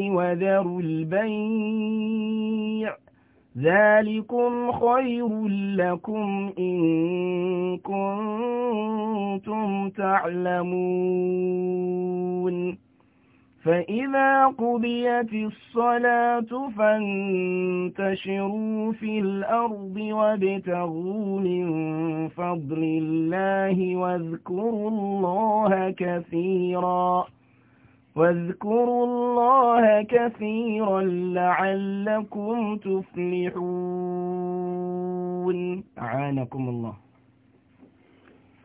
وذروا البيع ذلكم خير لكم إن كنتم تعلمون فإذا قضيت الصلاة فانتشروا في الأرض وابتغوا من فضل الله واذكروا الله كثيراً واذكروا الله كثيرا لعلكم تفلحون أعانكم الله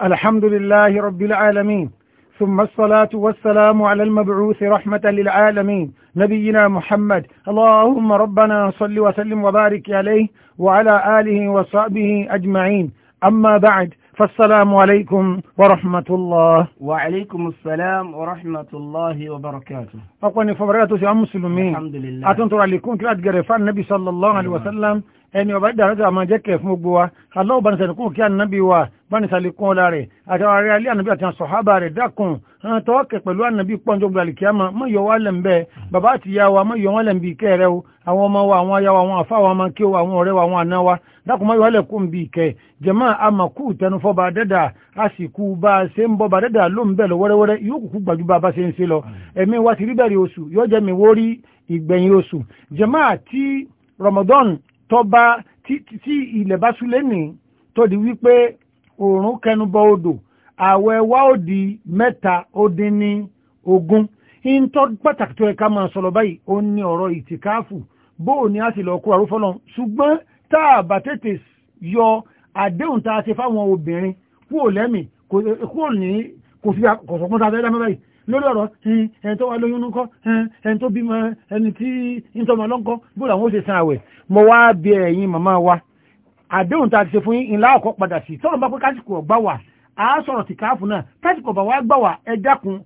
الحمد لله رب العالمين ثم الصلاة والسلام على المبعوث رحمة للعالمين نبينا محمد اللهم ربنا صل وسلم وبارك عليه وعلى آله وصحبه أجمعين أما بعد فالسلام عليكم ورحمة الله وعليكم السلام ورحمة الله وبركاته أقول فبركاته سيام مسلمين الحمد لله أتنطر عليكم كلا تقرفان النبي صلى الله عليه وسلم ẹni ọba ìdáradà máa jẹ́ kẹ̀ fún gbogbo wa aláwọ̀ bá ní sàlẹ̀kùn kí ànábì wa bá ní sàlẹ̀kùn ọlá rẹ̀ àti àwọn ànábì àti àwọn sọ̀hábà rẹ̀ dákun tọ́ọ̀kẹ̀ pẹ̀lú ànàbí pọ́njọ́ gbàlìkíámà mọ́ yọ wá lẹ́m̀bẹ́ bàbá àti ìyá wa mọ́ yọ wọ́n lẹ́m̀bí ìkẹ́ rẹ o àwọn ọmọ wa àwọn aya wa àwọn àfa wa máa kí o àwọn ọ̀rẹ́ wa àwọn àna wa dákun mọ́ yọ wálẹ̀ kó ń bi ìkẹ́ jẹ̀mọ́ àmàkù tẹnufọ́ bá dẹ́dà a sì kú bá a ṣe ń bọ́ bá dẹ́dà ló ń bẹ̀ lọ wẹ́rẹ́wẹ́rẹ́ yóò kúkú gbàjú Ramadan tọ́ba tí ilẹ̀ bá súlẹ̀ nì tó di wípé àwẹ̀ wa ó di mẹ́ta ó dín ní ogún in tó pàtàkì tó ẹ̀ka máa sọ̀rọ̀ báyìí ó ní ọ̀rọ̀ ìtìkáàfù bó ní a sì lọ kó àrúfọ́ lọ ṣùgbọ́n tá a bá tètè yọ àdéhùn tá a ṣe fáwọn obìnrin kúrò lẹ́mì kúrò ní kò fi àkọ̀sọ̀kún tá a fẹ́ dámẹ́ báyìí lórí ọ̀rọ̀ ẹni tó wà lóyún ní kọ́ ẹni tó bímọ ẹni tí ń tọ́mọ lọ́nkọ́ bó làwọn ó ṣe san àwẹ̀ mo wá bí ẹ̀yin màmá wa àdéhùn tá a ti ṣe fún yín ńlá ọ̀kọ́ padà sí tọ́lọ́ bá pé kásìkò ọ̀gbá wà a sọ̀rọ̀ ti káàfù náà tásìkò bá wá gbà wá ẹ dákun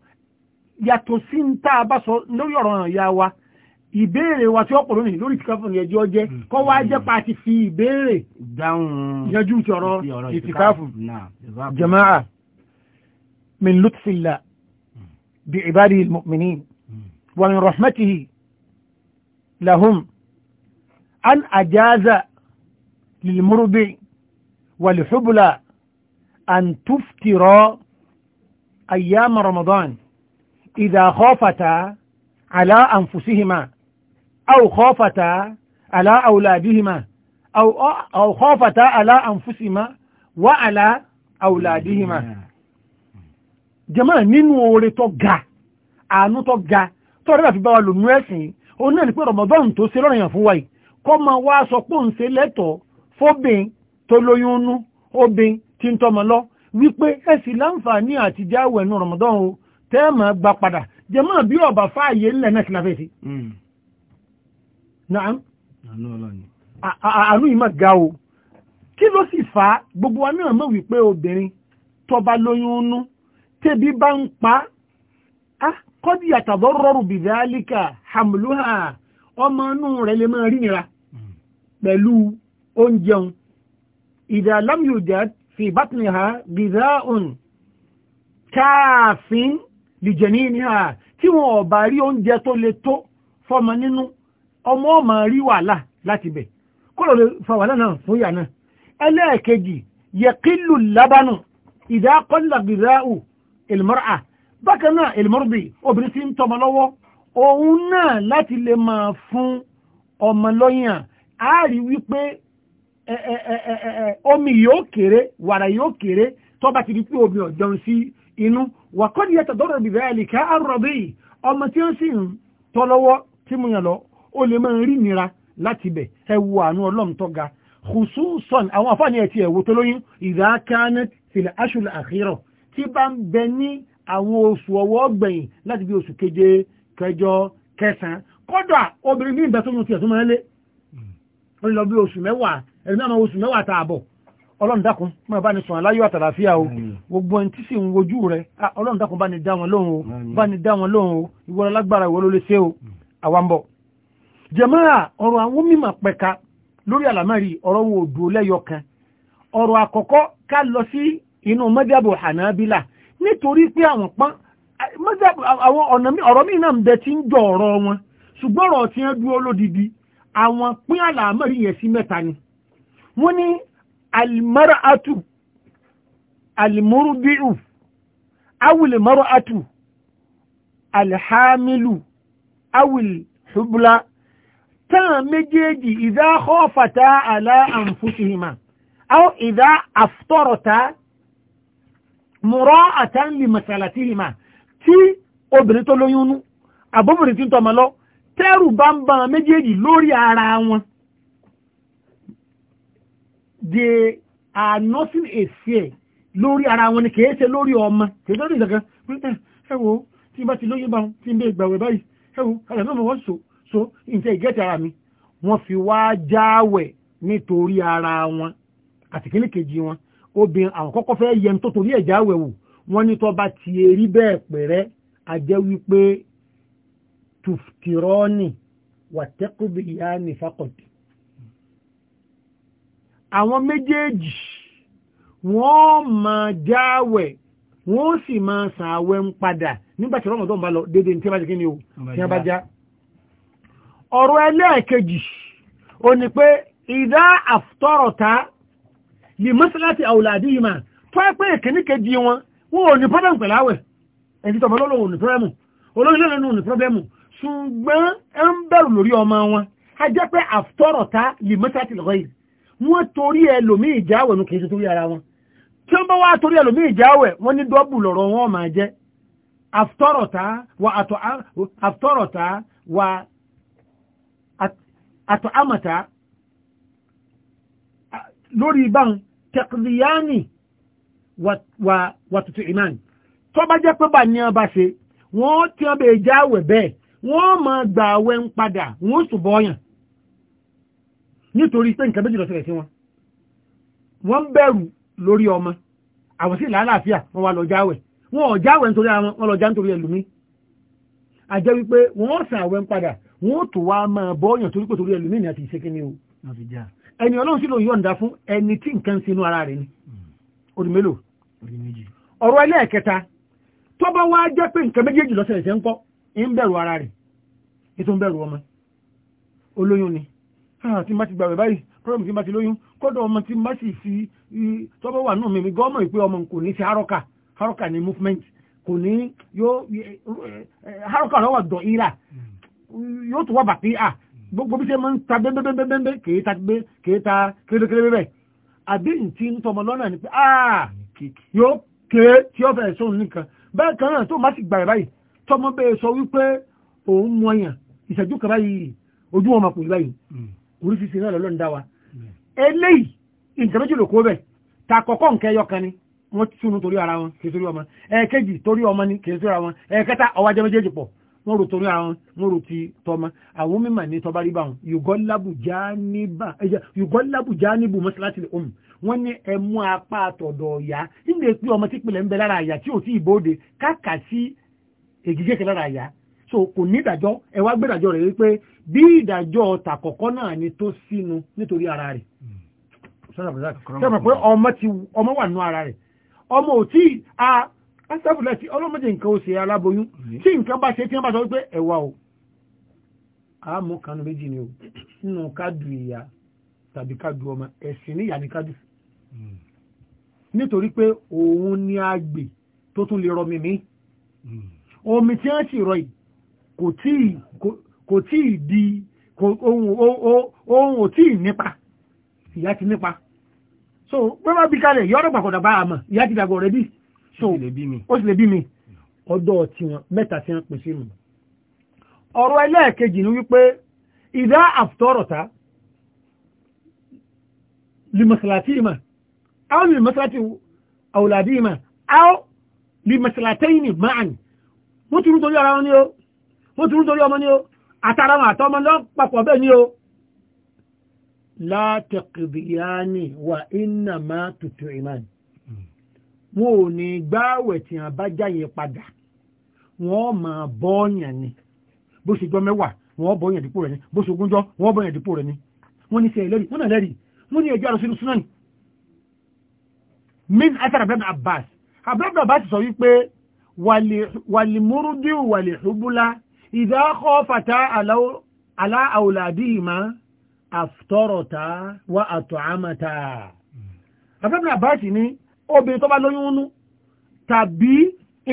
yàtọ̀ sí ń tá a bá sọ lórí ọ̀rọ̀ náà ya wa ìbéèrè wa tí ó pọ̀ lónìí lórí ìtìkáfù ní ẹjọ́ jẹ́ hmm. kọ́ wá jẹ́ pa ti fi ìbéèrè yanjú lahum an ajaza lil murbi أن تفتر أيام رمضان إذا خافتا على أنفسهما أو خافتا على أولادهما أو, أو خافتا على أنفسهما وعلى أولادهما jàmáà nínú oore tó ga àánú tó ga tó rẹ́rà fi bá wa lòmú ẹ̀sìn òun náà ni pé Ramadan tó ṣe lọ́rọ̀ yàn fún wa kọ́ máa wá sọ pé òun ṣe tó lóyún nú obìn tí ń tọ́mọ lọ wípé ẹ̀sì láǹfààní àtijọ́ àwẹ̀ ní Ramadan o tẹ́ẹ̀mà gba padà jẹ́mọ́ bí ọ̀bà fáàyè ńlẹ̀ náà kìlá fèsì. Hmm. àánú ìmọ̀ ga o kí ló sì fà á gbogbo wa náà mọ̀ wípé obìnrin tọba lóyún nú tẹ́bí bá ń pa á kọ́dí àtàbọ̀ rọrùn bìdálíkà hàmùlúhà ọmọ inú rẹ̀ lè máa rí nira hmm. pẹ̀lú oúnjẹun ìdàlámù yóò jẹ́ في بطنها غذاء كاف لجنينها tí wọn ọ̀bà rí oúnjẹ tó le tó fọmọ nínú ọmọ ọmọ rí wàhálà láti bẹ̀ kúrò lè fa wàhálà náà fún ìyá náà ẹlẹ́ẹ̀kejì yẹkílù lábánù ìdákọ́lá gìdáù ìlmọ́ra bákan náà ìlmọ́rùbì obìnrin tí ń tọmọ lọ́wọ́ òun náà láti lè máa fún ọmọ lọ́yàn á rí wípé omi yóò kéré wàrà yóò kéré tó bá ti di pé omi ọ̀jọ̀n sí inú wàkọ́ni yàtọ̀ dọ́rọ̀ bìbẹ́ àlìká àrọ̀bí ọmọ tí ó sì ń tọ́lọ́wọ́ tí mo yàn lọ ó lè máa rí nira láti bẹ̀ ẹ wo àánú ọlọ́run tó ga khususan àwọn àfáàní ẹ̀tì ẹ̀wò tó lóyún ìdákáná fìlà aṣùlẹ̀ àkírọ̀ tí bá ń bẹ ní àwọn oṣù ọwọ́ gbẹ̀yìn láti bí oṣù keje kẹjọ kẹsàn-án kọ́dà obìnrin ní ìbẹ́tọ́yún tiẹ̀ tó máa ń lé ó lọ bí oṣù mẹ́wàá ẹ̀rí náà oṣù mẹ́wàá àtààbọ̀ ọlọ́run dákun máa bá ní sùn aláyọ̀ àtàlàfíà o gbogbo ẹni tí sì ń wojú rẹ ọlọ́run dákun bá ní dá wọn lóhùn o bá ní dá wọn lóhùn o ìwọ lágbára ìwọ ló lè ṣe o mm. àwa ń bọ̀. jẹ̀mọ́ra ọ̀rọ̀ àwọn mímọ̀ pẹ̀ka lórí àlámẹ́rì ọ̀rọ̀ wọn ò dúró lẹ́yọ kan ọ̀rọ̀ àkọ́kọ́ ká lọ sí inú mọ́jábù hànábílà nítorí pé àwọn pọ́n àwọn àwọn pín àlámẹ́rì wọ́n ní almar'atu almurdi'u awilmar'atu alhamilu awil hubla táwọn méjèèjì ìdá khafata ala anfusihima aw ìdá aftarata mura'atan li masalatihima tí obìnrin tó lóyún nú àbóbìnrin tí ń tọmọ tẹ́rù bá méjèèjì lórí ara wọn they are nothing a fear lórí ara wọn ni kìí ṣe lórí ọmọ kìí lórí ìdàgán pípẹ́ ẹwọ tí bá ti lóyún bá tí ń bẹ ìgbàwẹ̀ báyìí ẹwọ ẹ̀rẹ̀ náà wọ́n so so ìǹtẹ́ ìgẹ́tì ara mi wọ́n fi wá jáwẹ̀ nítorí ara wọn àti kíní kejì wọn obìnrin àwọn kọ́kọ́ fẹ́ yẹn tó torí ẹ̀ jáwẹ̀ wò wọ́n ní tọ́ bá ti rí bẹ́ẹ̀ pẹ̀rẹ́ àjẹ́ wípé tùfkìrọ́ọ̀nì wàtẹ́kùbìyà nìfàkọ̀tì àwọn méjèèjì wọ́n máa jáwẹ̀ wọ́n sì máa san àwẹ̀ ń padà nígbàtí Ramadan bá lọ dédé ní tẹ́bàjì kíni o tí wọ́n bá já ọ̀rọ̀ ẹlẹ́ẹ̀kejì o ní pé ìdá àfọ́rọ̀ta lè mọ́sálásí àwòlàdí ìmà tó ẹ pé ìkíníkejì wọn wọn ò ní pọ́dọ̀ pẹ̀láwẹ̀ ẹni tọ́bọ̀ lọ́lọ́ òní pọ́rẹ́mù wọ́n torí ẹlòmí ìjáwẹ̀ ní kìí ṣe torí ara wọn tí wọ́n bá wá torí ẹlòmí ìjáwẹ̀ wọ́n ní dọ́bù lọ̀rọ̀ wọn máa jẹ́ àftọ́rọ̀ta wà àtọ̀ àmàta lórí ìbáhùn tẹ̀kìlìyàní wà tutù ìmáni tó bá jẹ́ pé bà ní ọba ṣe wọ́n tí wọ́n bẹ̀ jáwẹ̀ bẹ́ẹ̀ wọ́n máa gbà wẹ́ ń padà wọ́n sùbọ́yàn nítorí pé nǹkan méjì lọ sílẹ̀ sí wọn wọ́n bẹ̀rù lórí ọmọ àwọn sí làálàáfíà wọ́n wá lọ jáwẹ̀ wọ́n ò jáwẹ̀ nítorí àwọn wọ́n lọ já nítorí ẹlòmí àjẹ́ wípé wọ́n sàn àwẹ̀ ń padà wọ́n tó wá máa bọ́ọ̀yàn torí pé torí ni àti ìṣẹ́kí ni o ẹni ọlọ́run sí ló yọ̀ǹda fún ẹni tí nǹkan sínú ara rẹ̀ ni hmm. orí mélòó ọ̀rọ̀ ẹlẹ́ẹ̀kẹta tó bá wá jẹ́ pé nǹkan méjèèjì lọ́sẹ̀ẹ̀sẹ̀ ń kọ́ ń bẹ̀rù ara rẹ̀ ètò ń bẹ̀rù ọmọ olóyún ni Ah, tí má ti gbàgbẹ́ báyìí problem tí má ti lóyún kọ́dọ̀ ọmọ tí má sì fi tọ́bọ̀ wà náà mímí gọ́ọ̀mọ̀ ìpé ọmọ kò ní sí haroka haroka ni movement kò ní yóò haroka lọ́wọ́ dọ̀ ira yóò tó wà bàtí à ah, gbogbo bí ṣe máa ń ta bẹ́ẹ̀bẹ́ẹ̀bẹ́ẹ̀ kèé ta kèé ta kérékéré bẹ́ẹ̀ àbí ntí ń tọmọ lọ́nà ni pé ah, yóò kéé tí ó fẹ́ sóun nìkan bẹ́ẹ̀ kan náà tó má sì gbàgbẹ́ báyìí tọmọ bẹ́ẹ̀ sọ wípé òun mọ̀ọ́yàn ìṣẹ́jú kan báyìí ojú wọn máa pè báyìí oríṣiríṣi náà lọ́lọ́ ń dá wa hmm. eléyìí nǹkan méjì kó bẹ̀ ta kọ̀kọ́ nǹkan ẹyọ kan ni wọ́n túnú torí ara wọn kì í torí ọmọ ẹ̀ẹ́kejì torí ọmọ ni kì í torí ara wọn ẹ̀ẹ́kẹta ọwọ́ ajẹ́ méjèèjì pọ̀ wọ́n rò torí ara wọn wọ́n rò ti tọmọ àwọn mímọ̀ ní tọba rí bá wọn yùgọ́lábù jáníbù mọ́sálásí lè omi wọ́n ní ẹmú apá àtọ̀dọ̀ ọ̀yá nígbà pé ọmọ tí pèlè ń bẹ lára àyà tí ò tí ì bóde káàkà sí ègìgẹ́kẹ̀ lára àyà so kò ní ìdájọ́ ẹ wá rẹ̀ wípé bí ìdájọ́ tàkọ́kọ́ náà ni tó nítorí ara rẹ̀ ọmọ wà ara rẹ̀ ọmọ ò tí a asẹ́fùlẹ̀ tí ọlọ́mọdé nǹkan ó aláboyún mm-hmm. tí nǹkan bá ṣe tí wọ́n bá sọ wípé ẹ̀wà o àmú kanu méjì ni o nínú kádù ìyá tàbí kádù ọmọ ni mm-hmm. tó tún lè rọ mm-hmm. omi tí wọ́n kò tí ì di ohun ò tí ì nípa ìyá ti nípa so bẹ́ẹ̀ bí kalẹ̀ yọ́rọ̀ pàkọ̀dà bá àmà ìyá ti dàgbọ̀ rẹ̀ bí so ó sì lè bí mi ọdọ̀ tí wọn mẹ́ta tí wọ́n pè sí mi ọ̀rọ̀ ẹlẹ́ẹ̀kejì ni wípé ìdá àfitọ́rọ̀ta lìmọ̀sálàtì ìmọ̀ àwọn lìmọ̀sálàtì àwòlàdì ìmọ̀ àwọn lìmọ̀sálàtì ìmọ̀ máa ní wọ́n ti rú torí ara wọn ni ó mo ti rú torí ọmọ ní o àtàrà àwọn àtọmọ lọ papọ̀ bẹ́ẹ̀ ní o látẹ̀kìbìyàní wà iná máa tutù ìmáà wọn ò ní gbáwẹ̀ tí a bá jáyẹ padà wọ́n máa bọ́ọ̀yàn ni bó ṣe jọ mẹ́wàá wọ́n bọ́ọ̀yàn dípò rẹ̀ ni bó ṣe ogúnjọ́ wọ́n bọ́ọ̀yàn dípò rẹ̀ ni wọ́n ní sẹ́yìn lẹ́rì wọ́n náà lẹ́rì wọ́n ní ẹjọ́ àròsílù súnáni min asar abdul abbas abdul abbas sọ wípé wàlìmúrúdí wàlìhúbúlá ìdá khafata ala awladihima àfitọ́rọ̀ta wà àtọ̀ámàta afẹ́bìnrin àbáṣì ni obìnrin tó bá lóyún nú tàbí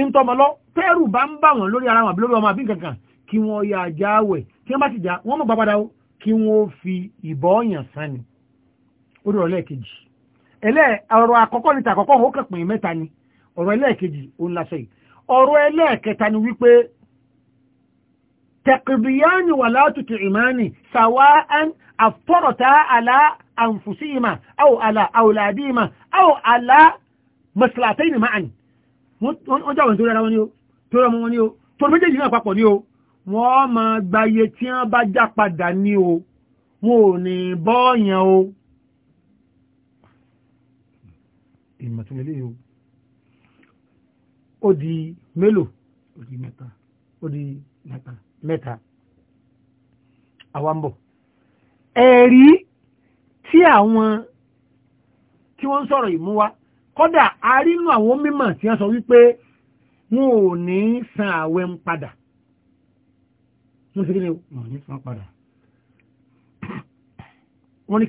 ìntọmọlọ́ tẹ́rù bá ń bà lórí ara wọn ọmọ àbí kankan kí wọ́n ya kí wọ́n bá ti já wọ́n mọ̀ ó kí wọ́n fi sani ó dọ̀rọ̀ lẹ́ẹ̀kejì ẹlẹ́ ọ̀rọ̀ àkọ́kọ́ tàkọ́kọ́ تقضيان ولا تطعمان سواء أفطرتا على أنفسهما أو على أولادهما أو على مصلحتين معا wọ́n jáwọn tó rẹ̀ wọn ni ó tó rẹ̀ wọn ni ó tó méjèèjì náà papọ̀ ni ó wọ́n máa gbayé tí wọ́n bá já padà ní o wọn ò ní bọ́ọ̀yàn o ìmọ̀túnmílẹ̀ o ó di mélòó ó di mẹ́ta ó di mẹ́ta mẹ́ta àwambọ̀ ẹ̀rí tí àwọn tí wọ́n ń sọ̀rọ̀ yìí mú wá kódà arínú àwọn mímọ̀ tí wọ́n sọ wípé wọn ò ní san àwẹ̀ ń padà wọ́n ní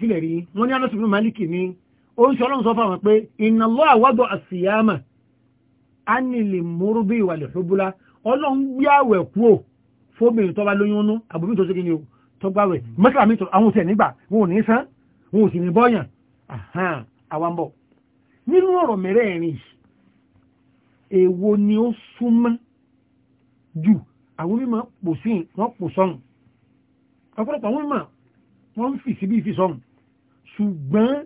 kílẹ̀ rí wọ́n ní anásùnmí maliki ní ó ń sọ ọlọ́run sọ fáwọn pé inna Allah àwọ́dọ̀ àsìyámà á nílè múrúbí ìwàlẹ̀ ṣubúlá ọlọ́run gbé àwẹ̀ kúò fóbìnrin tó bá lóyún nú àbòmí tó ṣe kí ni o tó gbáwẹ̀ mọ́sílá mi tó àwọn òṣèlú nígbà wọn ò ní sán wọn ò sì ní bọ́yàn àwa ń bọ̀ nínú ọ̀rọ̀ mẹ́rẹ̀ẹ̀rin èwo ni ó súnmọ́ jù àwọn mímọ̀ pò sí wọn pò sọ́hùn ọ̀pọ̀lọpọ̀ àwọn mímọ̀ wọ́n ń sí bí ìfi sọ́hùn ṣùgbọ́n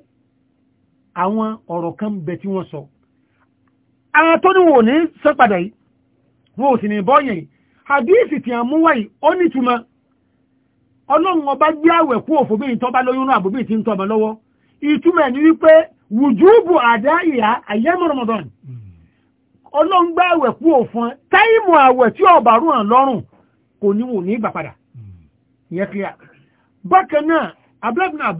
àwọn ọ̀rọ̀ kan bẹ tí wọ́n sọ àwọn tó ní wọn ò ní sán padà yìí wọn ò sì ní bọ́yàn yìí hadith ti àmú wáyìí ó nítumọ̀ ọlọ́run ọba gbé àwẹ̀ kú òfò bí ìtọ́ba lóyún náà àbúbí ti ń tọ́ba lọ́wọ́ ìtumọ̀ ní wípé wùjúùbù àdá ìhà àyẹ́mọ̀ Ramadan ọlọ́run gbé àwẹ̀ kú táìmù àwẹ̀ tí ọba lọ́rùn kò ní wò ní padà náà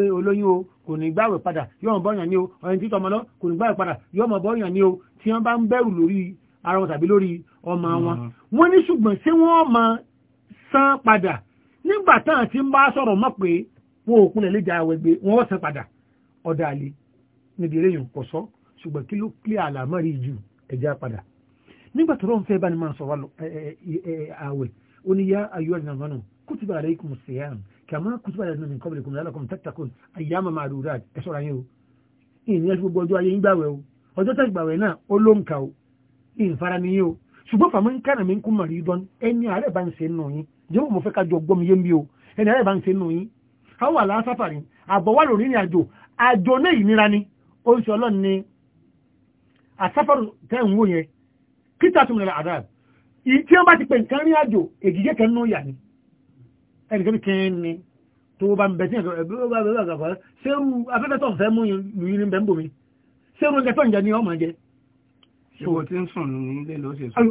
àwọn kò ní gbàwẹ̀ padà yọ́mọ̀ bọ́yàn ní o ọ̀yìn títọ́ ọmọ lọ kò ní gbàwẹ̀ padà yọ́mọ̀ bọ́yàn ní o tí wọ́n bá ń bẹ̀rù lórí ara wọn tàbí lórí ọmọ mm-hmm. wọn wọ́n ní ṣùgbọ́n ṣé wọ́n mọ san padà nígbà táwọn ti ń bá sọ̀rọ̀ mọ̀ pé wọn ò kúnlẹ̀ lè jáwẹ́ gbé wọn ó san padà ọ̀dà àlè níbi eré yìí kò sọ ṣùgbọ́n kí ló clear àlàmọ́rí ju ẹ̀já padà nígbà tó rọrùn fẹ́ bá ní máa sọ̀rọ̀ àwẹ̀ ó ní yá ayọ́ ìrìnàmọ́nà kutiba alaykumus siyam kàmá kùtùbà lẹ́nu mi kọ́ bìlẹ̀kùn lálọ́kùn tẹ́tàkùn àyàmà máa rúra ẹ̀ṣọ́ ra yín o ìyìn ẹ̀ṣọ́ gbogbo ọjọ́ ayé ń gbàwẹ̀ o ọjọ́ tẹ́ gbàwẹ̀ náà ó ló ń ka o ìyìn fara ni yín o ṣùgbọ́n fàmí ń kànà mi ń kú màrí dán ẹni àárẹ̀ bá ń ṣe nù yín jẹ́ mo fẹ́ ká jọ gbọ́ mi yé mi o ẹni àárẹ̀ ni ó ń ṣe ọlọ́run ni àsáfàrù tẹ́ ń wò yẹn kí tàtúmọ̀ àdáà tí wọ́n ti pè nǹkan rí àjò ègìgẹ́ kan nù yà ni ẹnìkan kí ni tó bá ń bẹ sí ẹ̀kọ́ ẹ̀bí ó bá bẹ̀rẹ̀ àgàfà ṣé afẹ́fẹ́ tó fẹ́ mú yìí ní bẹ̀ ń bomi ṣé oorun jẹ tó ń jẹ ní ọmọ jẹ. ṣòwò tí ń sùn nílé ló ṣe sùn.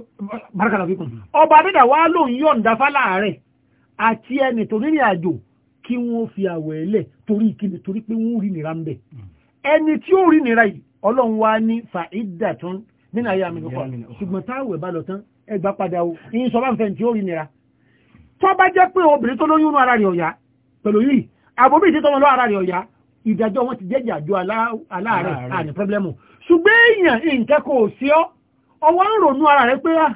barakala fi kùn. ọba dídà wá ló ń yọ̀ǹda fáláàárẹ̀ àti ẹni tó nírìn àjò kí wọ́n fi àwẹ̀ lẹ̀ torí kíni torí pé wọ́n rí nira ń bẹ̀. ẹni tí ó rí nira yìí ọlọ́run wá ní fàídà tán nínú ayé àmì kọ́kọ́ ṣùgbọ́n táwẹ̀ bá lọ tán ẹgbàá padà o ìyín sọ bá ń fẹ́ ní tí ó rí nira tó bá jẹ́ pé obìnrin tó lóyún inú ara rẹ̀ ọ̀yá pẹ̀lú yìí àbòmí ìdí tọ́mọ lọ́ ara rẹ̀ ọ̀yá ìdájọ́ wọn ti jẹ́jẹ́ àjọ aláàárẹ̀ àní pọ́blẹ́mù ṣùgbọ́n èèyàn nǹkan kò sí ọ́ ọwọ́ ń rònú ara rẹ̀ pé ah,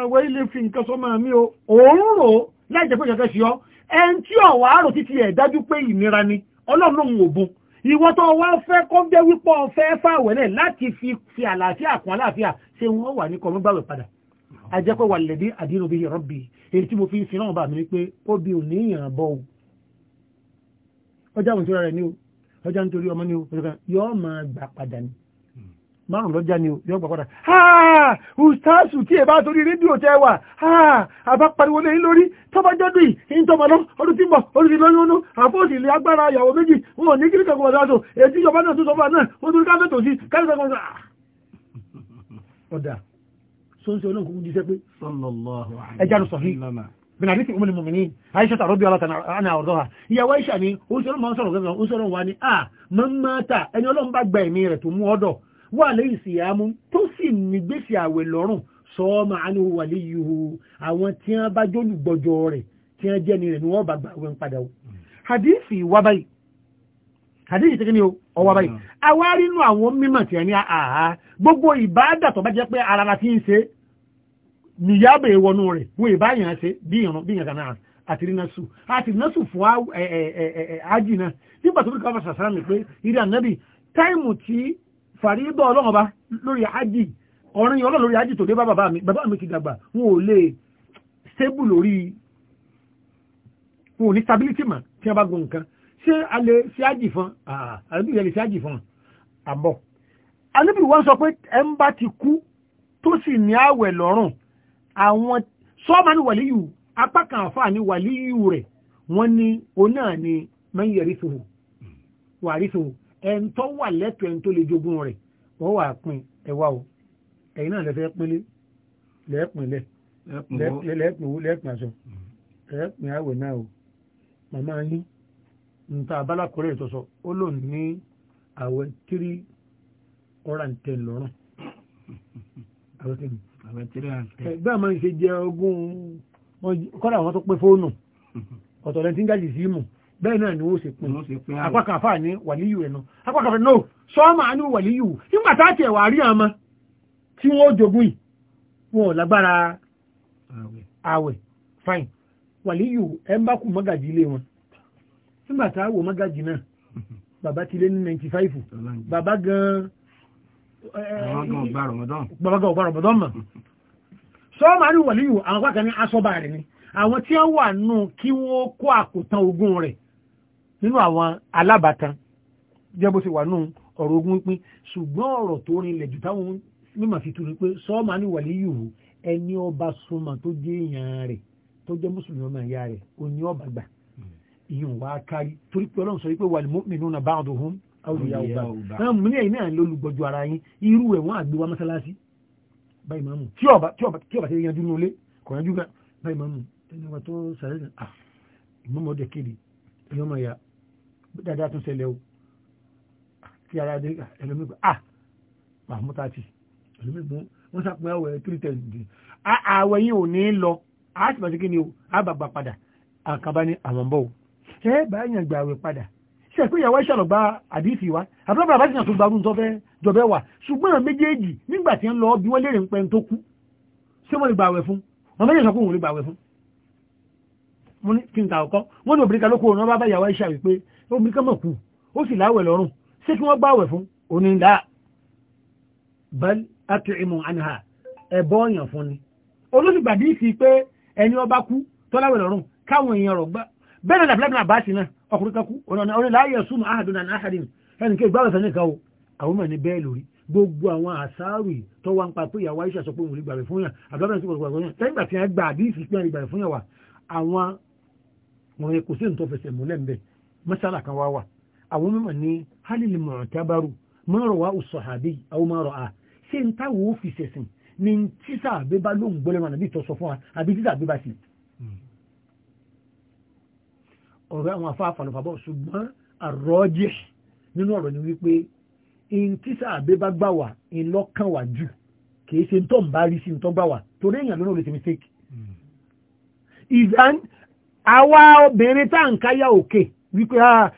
àwọn ilé fi nǹkan sọ́mọ mi o òun rò láì jẹ́ pé ìjọkẹ́ sí ọ́ ẹn tí ọ̀wọ́ àrò títí ẹ̀ dájú pé ìnira ni ọlọ́run òbun ìwọ tó wá fẹ́ kọ́ jẹ́ wípọ̀ fẹ́ fàwẹ̀lẹ̀ láti fi àlàáfíà kún àlàáfíà ṣé wọ́n wà ní kọ́ ajẹ́pẹ́ wà lẹ́dí àdínú bí rọ́bì èyí tí mo fi ń sin náà bá mi ní pé ó bí òní ìyàn bọ́ o ọjà àwọn rẹ̀ ni o ọjà nítorí ọmọ ni o yọ́ máa gbà padà ni márùn lọ́jà ni o yọ́ gbà padà ha ustaasu tí ẹ bá torí rédíò tẹ́ wà ha àbá pariwo lé lórí tọ́ba jọ́dún yìí ń tọ́ba lọ ọdún tí ń bọ̀ ọdún tí lọ́yún ọdún àfọ́ọ̀sì ilé agbára ìyàwó méjì wọn ò ní kí nìkan kọ̀ọ̀dá tó èyí tí ìjọba náà tó sọ fún wa náà wọn sóńsẹ́ olóhùn kúkú jíṣẹ́ pé ẹjánu sọ̀hí bìnàdí ti umul mu'minin Aisha ta rọ́bí ọlọ́ta ní àwọ̀dọ́ha ìyàwó Aisha ni ó sọ́rọ̀ máa ń sọ̀rọ̀ gẹ́gẹ́ ó sọ̀rọ̀ wa ni a mọ́mọ́ta ẹni Ọlọ́run bá gba ẹ̀mí rẹ̀ tó mú ọdọ̀ wà lẹ́yìn sí àmú tó sì ní gbèsè àwẹ̀ lọ́rùn sọ́ọ́mà á ní wà léyìí àwọn tí wọ́n bá jólù gbọ́jọ rẹ̀ tí wọ́n jẹ́ ni rẹ̀ ni wọ́n bá gbà wẹ́ ń padà o. Hmm. hadithi wa báyìí hadithi tẹ́kẹ́ ni o ọwọ́ báyìí àwọn mm. arínú àwọn mímọ̀ tí ẹni àhá gbogbo ìbáàdà tó bá jẹ́ pé ara la fi ń ṣe nìyábẹ̀ ìwọnú rẹ̀ wọ́n ìbáyàn ṣe bí ìrún bí ìyàgànà fún ájì náà nígbà tó bí káwọn pé ìrì ànábì táìmù tí fàrídọ̀ ọlọ́run lórí ájì ọ̀rìn mi ṣé a lè ṣáàjì fún àlébìrì yẹn lè ṣáàjì fún àbọ̀ àlébìrì wọn sọ pé ẹ ń bá ti kú tó sì ní àwẹ̀ lọ́rùn àwọn sọ́ọ́mà ní wàlíyù apá kan àfáà ní wàlíyù rẹ̀ wọ́n ní oná ni mẹ́yẹ̀rí sòwò wàrí sòwò ẹn tó wà lẹ́tọ̀ọ́ ẹn tó lè jogún rẹ̀ wọ́n wà pín ẹwà o ẹ̀yin náà lẹ́fẹ́ pínlẹ̀ lẹ́pìnlẹ̀ lẹ́pìn aṣọ lẹ́pìn àwẹ̀ náà o màmá yín nta abalakore ìtọ́sọ o lò ní àwẹ̀ tírí ọ̀rà ń tẹ̀ tiri àwẹ̀ tírí àwẹ̀ tírí ọ̀rà ń tẹ̀ ẹgbẹ́ àmọ́ ìṣe jẹ ogún kọ́dà wọn tó pé fóònù ọ̀tọ̀ lẹ́ni tí ni wọ́n ṣe pin apákan afáà ní wàlíyù náà apákan afáà náà sọ́ọ́mà ní wàlíyù nígbà tá àti ẹ̀wà fine waliyu ẹ̀ ń bá nígbà tá a wò mágàjì náà bàbá ti lé ní ninety five bàbá gan eh, bàbá gan ọgbà rọ̀bọ̀dán mọ̀ sọ́ọ́mà ní wọ̀lú yìí àwọn pàkà ní asọ́bà rẹ̀ ni àwọn tí wọ́n wà nù kí wọ́n kó àkótán ogún rẹ̀ nínú àwọn alábàtán jẹ́ bó ṣe wà nù ọ̀rọ̀ ogún pín ṣùgbọ́n ọ̀rọ̀ tó rinlẹ̀ jù táwọn mímọ̀ fi tu ni pé sọ́ọ́mà ní wọ̀lú yìí ẹni ọba súnmọ́ tó jẹ́ èèyàn rẹ̀ tó jẹ́ mùsùlùmí ọmọ ìyá rẹ̀ òní ọba gbà ìyún wá kárí torí pé ọlọ́run sọ wípé wal mu'minuna ba'duhum awliya'u ba'd náà mú ní ẹ̀yìn náà ló lùgbọ́jú ara yín irú ẹ̀ wọ́n àgbéwá mọ́sálásí báyìí máa mú tí ọba tí ọba tí ọba ti yanjú nulẹ̀ kò yanjú gan báyìí máa mú ẹni wa tó sàrẹ́ gan ah ìmọ̀mọ́dé kéde ẹ̀yọ́ máa ya dáadáa tún ṣẹlẹ̀ o kí ara dé ah, ẹlòmíì gbà ah mahmud ati ẹlòmíì gbọ́n wọ́n sàpẹ́ àwẹ̀ three ten ah, àwẹ̀ yìí ò ní lọ ni o àbàgbà padà àkàbá ní àwọn tẹ́ẹ̀bà yàn gbà wẹ̀ padà ṣe pé ìyàwó ìṣàlọ̀ gba àdífì wa àbúrò àbájì náà tó gba oúnjẹ ọfẹ́ jọbẹ́ wà ṣùgbọ́n méjèèjì nígbà tí ń lọ bí wọ́n lè rìn pẹ́ tó kú ṣé wọ́n lè gbà wẹ̀ fún wọn méjèèjì sọ pé òun lè gbà wẹ̀ fún mo ní kí n ta ọkọ wọn ní obìnrin kan lóko bá ìyàwó ìṣà wípé obìnrin kan mọ̀ kú ó sì láwẹ̀ lọ́rùn ṣé kí wọ́n gbà wẹ̀ fún òní ń dá bal at'imu anha ẹ̀bọ́ ọ̀yàn fún ni olóṣùgbàdí fi pé ẹni ọba kú tọ́láwẹ̀ lọ́rùn káwọn èèyàn rọ̀ bẹ́ẹ̀ náà fúlẹ́bìnà bá sí náà ọkùnrin kakú ọ̀nà orí láyé súnmù áhàdùn náà áhàdùn ẹni kí gbáwẹ̀ sẹ́ni kan o àwọn mẹ́rin bẹ́ẹ̀ lórí gbogbo àwọn àsáàrù tó wá ń pa pé ìyàwó Aisha sọ pé òun lè gbàgbé fún yàn àbúrò sí gbogbo àwọn lẹ́yìn ìgbà tí wọ́n gbà bí ìfìsí náà lè gbàgbé fún yàn wà àwọn wọn kò sí nítorí fẹsẹ̀ múlẹ̀ ń bẹ̀ mẹ́sàlá kan wá wà àwọn mímọ̀ ní halil mu'tabaru mọ́rọ̀ wá ọ̀sọ̀hàbí àwọn ọ̀rọ̀ àwọn afáfà lọ́fà bọ̀ ṣùgbọ́n àrọ́jì nínú ọ̀rọ̀ ni wípé in tí sàbẹ́ bá gbà wá in lọ́kàn wá jù kìí ṣe tó ń bá rí sí tó gbà wá torí èèyàn lónà olè ṣe mistake. ìdán hmm. àwa obìnrin tá à ń káyà òkè wípé ah,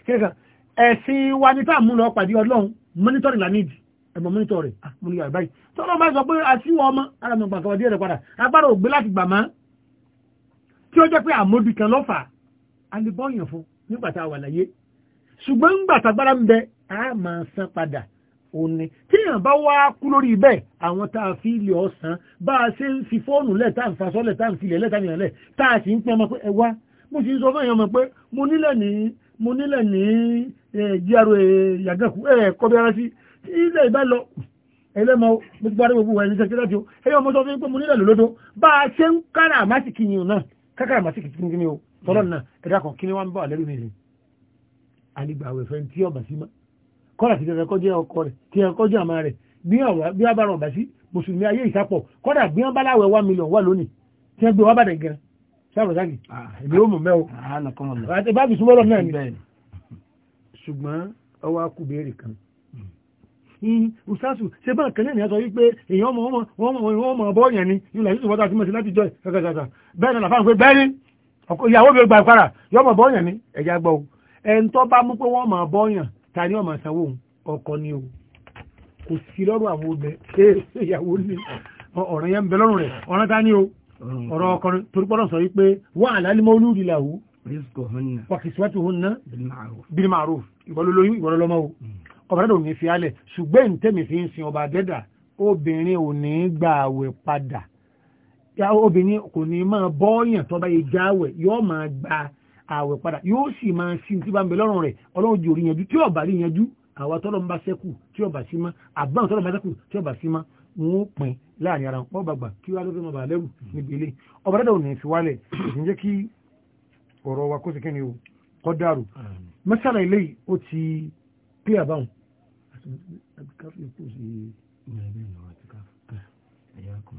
ẹ̀sìn wa ni tá à ń múná pàdé ọlọ́run mọ́nítọ́rì la nídìí ẹ̀mọ́ mọ́nítọ́rì ah, mo ní yàrá báyìí tọ́lọ́ bá sọ pé àtiwọ́ ọmọ ara mi gbàgbọ́ díẹ̀ rẹ̀ padà agbára ògbé láti gbà má tí ó jẹ́ pé àmóbi lọ́fàá alibọ́yàn fún nígbà tá a wà láyé ṣùgbọ́n nígbà tágbára ń bẹ a máa san padà òní tíyàn bá wá kú lórí bẹ́ẹ̀ àwọn tá a fi ilé ọ̀sán bá a ṣe ń fi fóònù lẹ̀ tá à ń fasọ́ lẹ̀ tá à ń filẹ̀ lẹ̀ tá à ń yàn lẹ̀ tá a sì ń pẹ́ ọmọ pé ẹ wá mo sì ń sọ fún èèyàn mọ̀ pé mo nílẹ̀ ní mo nílẹ̀ ní GRA yàgànkù ẹ̀ kọ́bí ara sí ilẹ̀ ìbá lọ ẹlẹ́mọ gbogbo ara gbogbo ẹni sẹ́kẹ́rẹ́ tí ó ẹ̀yọ́ mo sọ fún pé mo nílẹ̀ lòlódó bá a ṣe ń kára àmásìkì yìí náà kákàrà àmásìkì tuntun o tọ́lọ̀ hmm. náà ẹ̀dá kan kí ni wọ́n ń bọ̀ àlẹ́rù nìyí alìgbà àwẹ̀ fẹ́ tí ọba sí mọ́ kọ́lá ti tẹ̀sẹ̀ kọjá ọkọ rẹ̀ tí ẹ̀ kọjá àmà rẹ̀ bí wọ́n bá rọ̀ bá sí mùsùlùmí ayé ìsápọ̀ kọ́dà bí wọ́n bá láwẹ̀ wá mílíọ̀n wà lónìí tí wọ́n gbé wá bàdàn gan sábàsáàgì ah, èmi ó mọ̀ mẹ́ o ah, ah, bá fi súnmọ́ lọ náà ni. ṣùgbọ́n ọwọ́ akú béèrè kan ìsásù ṣe bá kẹ́lẹ́ ní ẹ̀sọ́ wípé èèyàn ọmọ ọmọ ọmọ ọmọ ọmọ ọmọ ọmọ ọmọ ọmọ ọmọ ọmọ ọmọ ọmọ ọmọ ọmọ ọmọ ọmọ ọmọ ọmọ ìyàwó mi ò gbà ìpara yọmọ bọ́ọ̀yàn ni ẹ̀já gbọ́ o ẹni tó bá mú pé wọ́n mọ̀ bọ́ọ̀yàn ta ni ọmọ sanwó ọkọ ni o kò sí lọ́rùn àwọn obẹ ìyàwó ni ọ̀rọ̀ yẹn ń bẹ lọ́rùn rẹ̀ ọ̀rọ̀ ta ni o ọ̀rọ̀ ọkọrin torí pọ́nà sọ wípé wọ́n àlálí mọ́ olúdi làwù wàkìsíwájú òun ná bíi màrú ìwọlọ́lọ́yún o ọ̀bẹ̀rẹ̀dọ̀ òní fi obìnrin kò ní máa bọ́ọ̀yàn tó bá yẹ jáwẹ̀ yóò máa gba àwẹ̀ padà yóò sì máa sí tí bá ń bẹ lọ́rùn rẹ̀ ọlọ́run jù òrìyànjú tí ọ̀bà rí yanjú àwa tọ́lọ́ ń bá sẹ́kù tí ọ̀bà sí mọ́ àbáwọn tọ́lọ́ ń bá sẹ́kù tí ọ̀bà sí mọ́ wọn ó pin láàrin ara wọn gbàgbà kí wọ́n á lọ́dún ọba lẹ́rù níbi ilé ọba dẹ́dọ̀ ní fi wálẹ̀ ìjẹ́ kí ọ̀rọ̀ wa kó sì kẹ́ni kọ́ dàrú mẹ́sàlá ilé ó ti pé àbáwọn. àti káfíńkù sí ìrìnàjò ìrìnàjò àti káfíńkù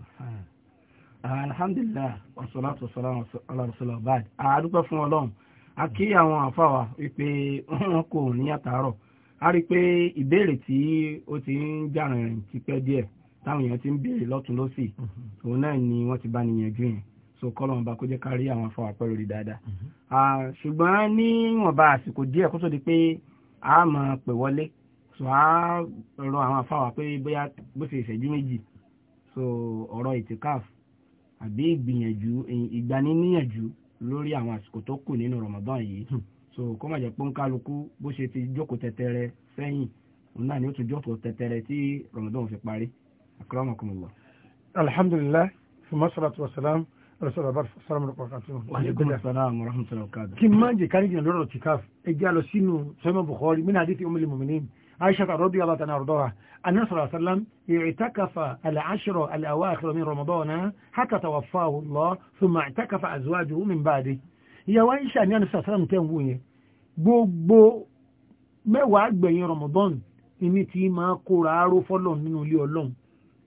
alhamdulilah wasalatu wasalamu ala rasulillah baad àdúpẹ́ fún ọlọ́run a kí àwọn àfàwà wípé wọn kò ní àtàárọ̀ a rí i pé ìbéèrè tí ó ti ń jàrìnrìn tipẹ́ díẹ̀ táwọn èèyàn ti ń béèrè lọ́tún lọ́sì òun náà ni wọ́n ti bá níyànjú yẹn so kọ́lọ́n ọba kó jẹ́ ká rí àwọn àfàwà pẹ̀lú rí dáadáa ṣùgbọ́n níwọ̀nba àsìkò díẹ̀ kó tó di pé a máa pè wọlé so a rọ àwọn àfàwà pé bóyá bó ṣe ìṣẹ́jú méjì so ọ̀rọ̀ ìtìkáàfù àbí ìgbìyànjú ìgbaniníyànjú lórí àwọn àsìkò tó kù nínú Ramadan yìí hmm. so kó má jẹ́ pé ń kálukú bó ṣe ti jókòó tẹtẹrẹ sẹ́yìn òun náà ni ó tún jókòó tẹtẹrẹ tí Ramadan fi parí akramakumullah. alhamdulilayi fuma salatu wa salam rasul abar salamu alaykum wa rahmatulahi wa rahmatulahi. kí n má jẹ kárí jìnnà lọ́rọ̀ tìkaf ẹ jẹ́ àlọ́ sínú sọ́mọ́ Bukhari min hadithi umil mu'minin عائشة رضي الله عنها وارضاها النبي صلى الله عليه وسلم اعتكف العشر الأواخر من رمضان حتى توفاه الله ثم اعتكف أزواجه من بعده ìyá wa Àìṣà ní àníṣà sálàm tẹ́wọ̀n yẹn gbogbo mẹ́wàá gbẹ̀yìn Ramadan ìní tí máa kóra aró fọ́lọ́n nínú ilé ọlọ́run